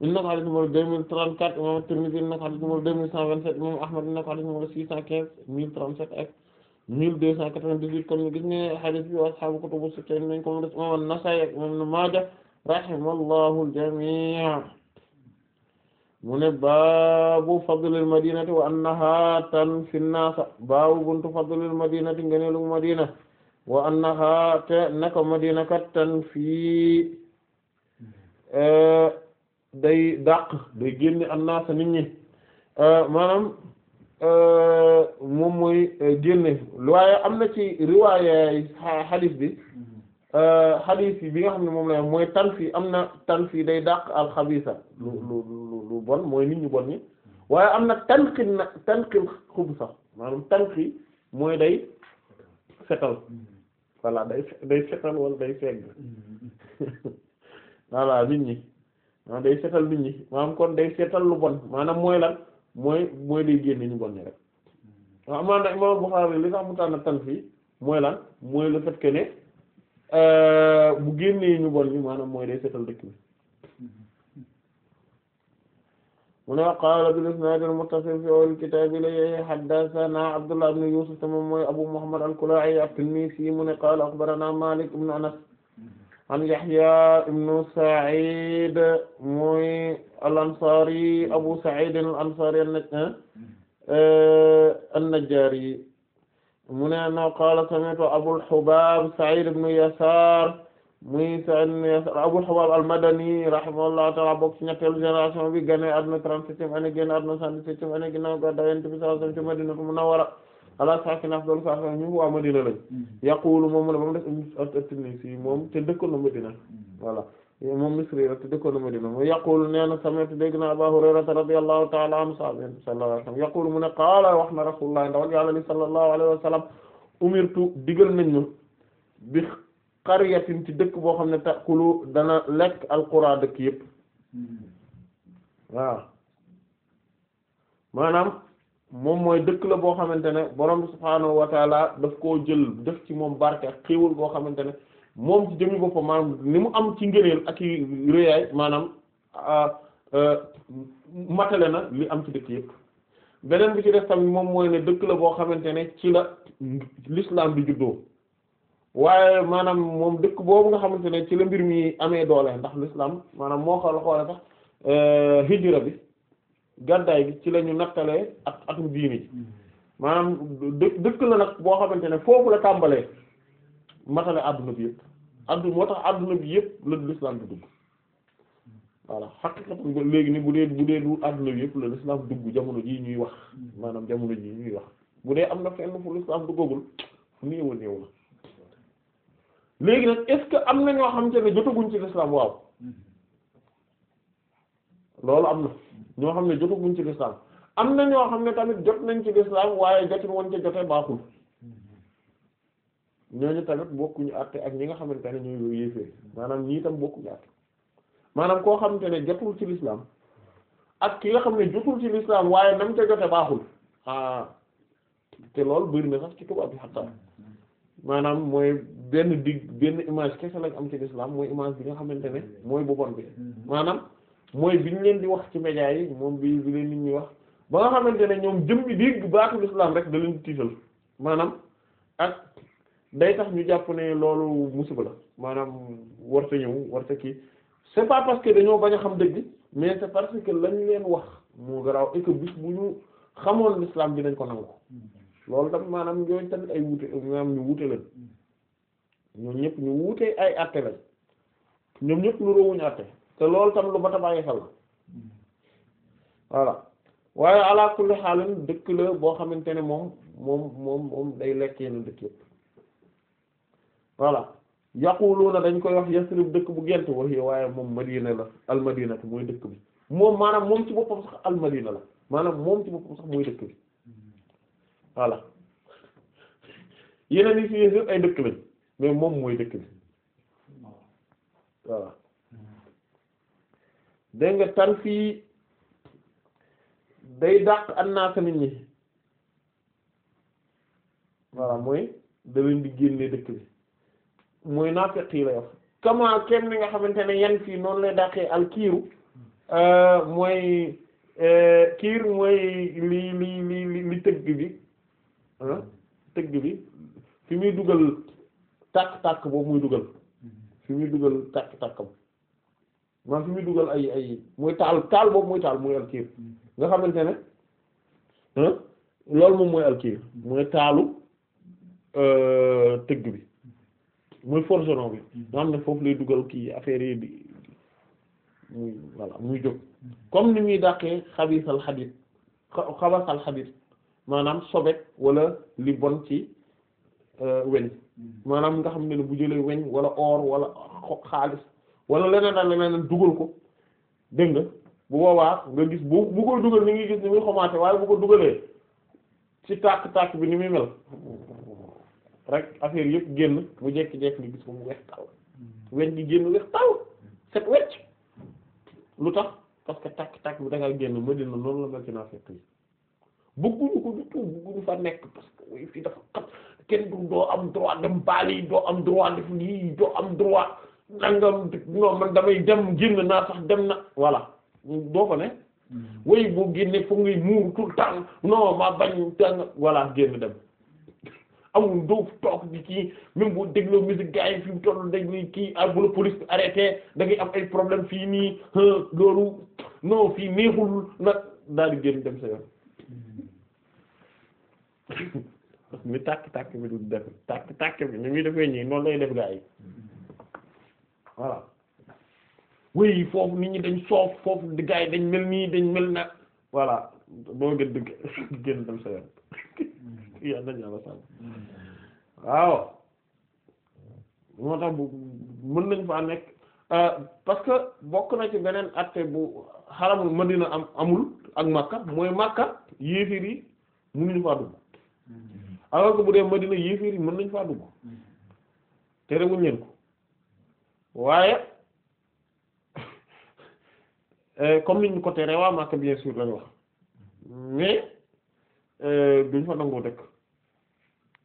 dina ko xadis numéro deux mille trente-quatre imaam Tirmidhi dina ko xadis numéro deux mille cent vingt-sept imaam Ahmad dina ko xadis numéro six cent quinze mille trente-sept ak mille deux cent quatre-vingt-dix-huit kon ne xadis rahimallahu al-jamii' mu ne baabu fadlil madinati wa annaha tanfi an-naasa baabu buntu fadlil madinati ngeneelu madina wa annaha te naka madina kat tanfi eh, day dàq day génne an-naasa nit ñi eh, maanaam eh, moom mooy génne waaye am na ci riwaaya xadiis bi Euh, xadiis yi bi nga xam ne moom la mooy tan fii am na tan fii day dàq alxabisa lu lu lu bon mooy nit ñu bon ñi waaye am na tanqil na tanqil xubusa maanaam tanqi mooy day setal voilà day day setal wala day fegg nit ñi ah, day setal nit ñi maanaam kon setal lu bon maanaam mooy lan mooy génne ñu bon ñi rek waaw maanaam li nga xamante ne tan fii mooy la mooy le fait que ne Euh, bu génnee ñu bon ñi maanaam mooy day setal dëkk bi mu ne qaala bil isnaad al muttasil fi awwal kitaab ilayhi haddasanaa Abdullah ibn Yusuf te moom mooy Abu Muhammad al-Kalaa'i at-Tinnisi mu ne qaala akhbaranaa Maalik ibn Anas an Yahya ibn Sa'id mooy al-Ansaari Abu Sa'id al-Ansaari an-Najjaari mu ne na qaala sami'tu Abul Hubaab Sa'iid ibn Yasaar muy Sa'iid ibn Yasaar Abul Hubaab al-Madani rahimahullahu ta'aala bokk ci ñetteelu génération bi gane àdduna 37e année génn àdduna 117e année ginnaaw gàddaay Yonent bi sallallahu alayhi wa sallam ci Madinatu Munawwara ala saakinihaa afdalu salaam ñu waa Madina lañ mm. yaqulu moom mu ne ba mu def at-Tinnisi moom te dëkkoon na Madina mm. voilà moom misri la te dëkkoon Madina mu yaqulu nee na sami'tu dégg na Abu Hurayrata radiyallahu ta'ala anhu sahabi sallallahu alayhi wa sallam yaqulu mu ne qaala wax na rasulullah ndawal yàlla li sallallahu alayhi wa sallam umirtu digal nañu bi qaryatin ci dëkk boo xam ne ta'kulu dana lekk al-qura dëkk yëpp waaw maanaam moom mooy dëkk la boo xamante ne borom subhaanahu wa ta'ala daf koo jël def ci moom barke ak xéewal boo xamante ne moom ci jëmmi boppam maanaam ni mu am ci ngëneel ak i réyaay maanaam ah, euh, matale na li am ci dëkk yëpp beneen bi ci def tamit moom mooy ne dëkk la boo xamante ne ci la l'islam bi juddoo waaye maanaam moom dëkk boobu nga xamante ne ci la mbir mi amee doole ndax l'islam maanaam moo xool xoole sax euh, hijra bi gàddaay gi ci la ñu nattalee ak atum diini ji hmm. maanaam dëkk la nag boo xamante ne foofu la tàmbalee matale àdduna bi yëpp adduna moo tax àdduna bi yëpp la l'islam bi dugg voilà xaqiqatan léegi ni bu dee bu dee du adduna bi yëpp la l'islam dugg jamono jii ñuy wax maanaam jamono jii ñuy wax bu dee am na fenn fu l'islam duggagul néew a néew la léegi nag est-ce que am na ñoo xamante ne jotaguñ ci l'islam waaw loolu am na ñoo xam ne jotaguñ ci l'islam am na ñoo xam ne tamit jot nañ ci l'islam waaye jotin woon ca jotee baaxul ñooñu tamit bokkuñu àtte ak ñi nga xamante ne ñooy yéeféer maanaam ñii tam bokkuñu àtte maanaam koo xamante ne jotul ci lislaam ak ki nga xam ne jotul ci lislaam waaye nam ca jote baaxul ah te loolu bëri na sax ci tubaab bi xataa maanaam mooy benn dig benn image kese lañ am ci lislaam mooy image bi nga xamante ne mooy bu bi maanaam mooy biñ leen di wax ci médias yi moom bi bi leen nit ñi wax ba nga xamante ne ñoom jëm bi dégg baatu lislaam rek da leen tiital maanaam ak day tax ñu jàpp ne loolu musiba la maanaam warta ñëw warta kii c'est pas parce dañoo bañ a xam dëgg mais c'est parce que lañ leen wax moo garaaw et que bis bu ñu xamoon l'islam dinañ ko nangu loolu tam maanaam ñooñu tamit ay wuute maanaam ñu wuute lañ ñoom ñëpp ñu wuute ay àtte lañ ñoom ñëpp ñu roowuñu àtte te loolu tam lu bata bàyyi xel la voilà waaye ala xaalin dëkk la boo xamante ne moom moom moom moom day lekk yenn dëkk yëpp voilà yaquluuna dañ koy wax Yasrib dëkk bu gent waxi waaye moom Madina la al-Madinatu mooy dëkk bi moom maanaam moom ci boppam sax al la maanaam moom ci boppam sax mooy dëkk bi voilà yeneen yi ci yëpp ay dëkk lañ mais moom mooy dëkk bi voilà dégg nga tan fii day dàq annaasa nit ñi voilà mooy da leen di dëkk bi muy naafiq yi lay wax comment kenn mi nga xamante ne yan fii noonu lay dàqee al euh, mooy euh, kiir mooy li li li li tëgg bi tëgg bi fi muy dugal tàkk-tàkk boobu muy dugal fi muy dugal tàkk-tàkkam man fi muy dugal ay ay muy taal taal boobu muy taal muy al nga xamante ne loolu moom mooy al mooy taalu euh, tëgg bi muy forgeron bi nga xam ne foofu lay dugal kii affaire yi bi muy voilà muy jóg comme ni muy dàqee xabisal xadis xabasal xadis maanaam sobe wala li bon ci euh, weñ maanaam nga xam ne bu jëlee weñ wala or wala xaalis wala leneen a leneen dugal ko dégg nga bu boobaa nga gis bu bu ko dugal ni ngi gis ni muy xomaate waaye bu ko dugalee ci tàkk tàkk bi ni muy mel rek affaire yëpp génn mu jekki-jekki nga gis mu weex taw hmm. weñ gi génn weex taw set wecc lu tax parce que takk-takk bu da ngaa génn Madina noonu la mel ci naa fekk yi bëgguñu ko du tout bëgguñu fa nekk parce que fii dafa xat kenn doo am droit dem baali doo am droit def lii doo am droit nangam non man damay dem génn naa sax dem na voilà doo ko ne hmm. way boo génne foog ngay muur tout le temps non bañ tàng voilà génn dem amul doof toog di kii même bu dégloo musique gars yi fi mu toll kii ak ah bu la police bi arrêté da am ay problème fii nii loolu non fii neexul nag daal di génn dem sa mi tàkk tàkk bi du def tàkk tàkk bi ni muy defee ñii noonu lay def gars yi voilà wéy foofu nit ñi dañ soof foofu di gars dañ mel nii dañ mel na voilà boo gën di génn dem sa yal nañu yàlla sàmm waaw moo tax bu mën nañ faa nekk euh, parce que bokk na ci beneen atte bu xaramul Madina am amul ak Makka mooy Makka yéefir yi mënuñu faa dugg hmm. alors que bu dee Madina yéefir yi mën nañ faa dugg hmm. terewul ñeen ko waaye euh, comme niñ ko teree waa Makka bien sûr lañ wax mais euh, duñ fa nangoo dëkk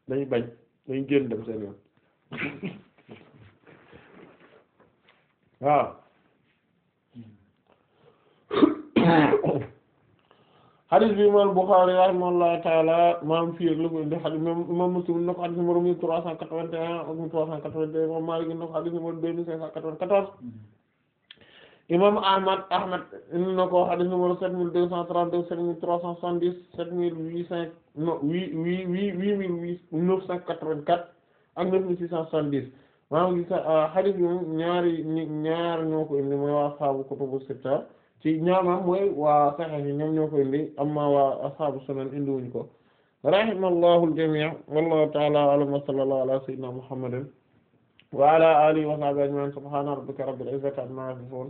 nañ bañ nañ génn dem seen yoon waaw xadis bi imam Bukhari rahimahullahu taala maam fiir la ko indi xadis moom imam Muslim na ko xadis numéro mille trois cent quatre-vingt-un ak mille trois cent quatre-vingt-deux imam na ko xadis numéro deux mille cinq cent quatre-vingt-quatorze imam ahmad ahmad indi na ko hadith numéro sept mille deux cent trente-deux sept mille trois cent soixante-dix sept mille huit cent non huit huit huit huit neuf cent quatre-vingt-quatre ak neuf mille six cent soixante-dix maanaam gis hadith euh, yu ñaari ñaar ñoo ko indi mooy waa ashaabu kutubu sitta ci ñaamam mooy waa sahih yi ñoom ñoo ko indi amma waa ashaabu sunan indi wuñ ko rahimallahu al-jamii' wallahu ta'ala a'lam wa sallallahu ala sayyidina muhammadin wa ala alihi wa sahbihi ajma'in subhana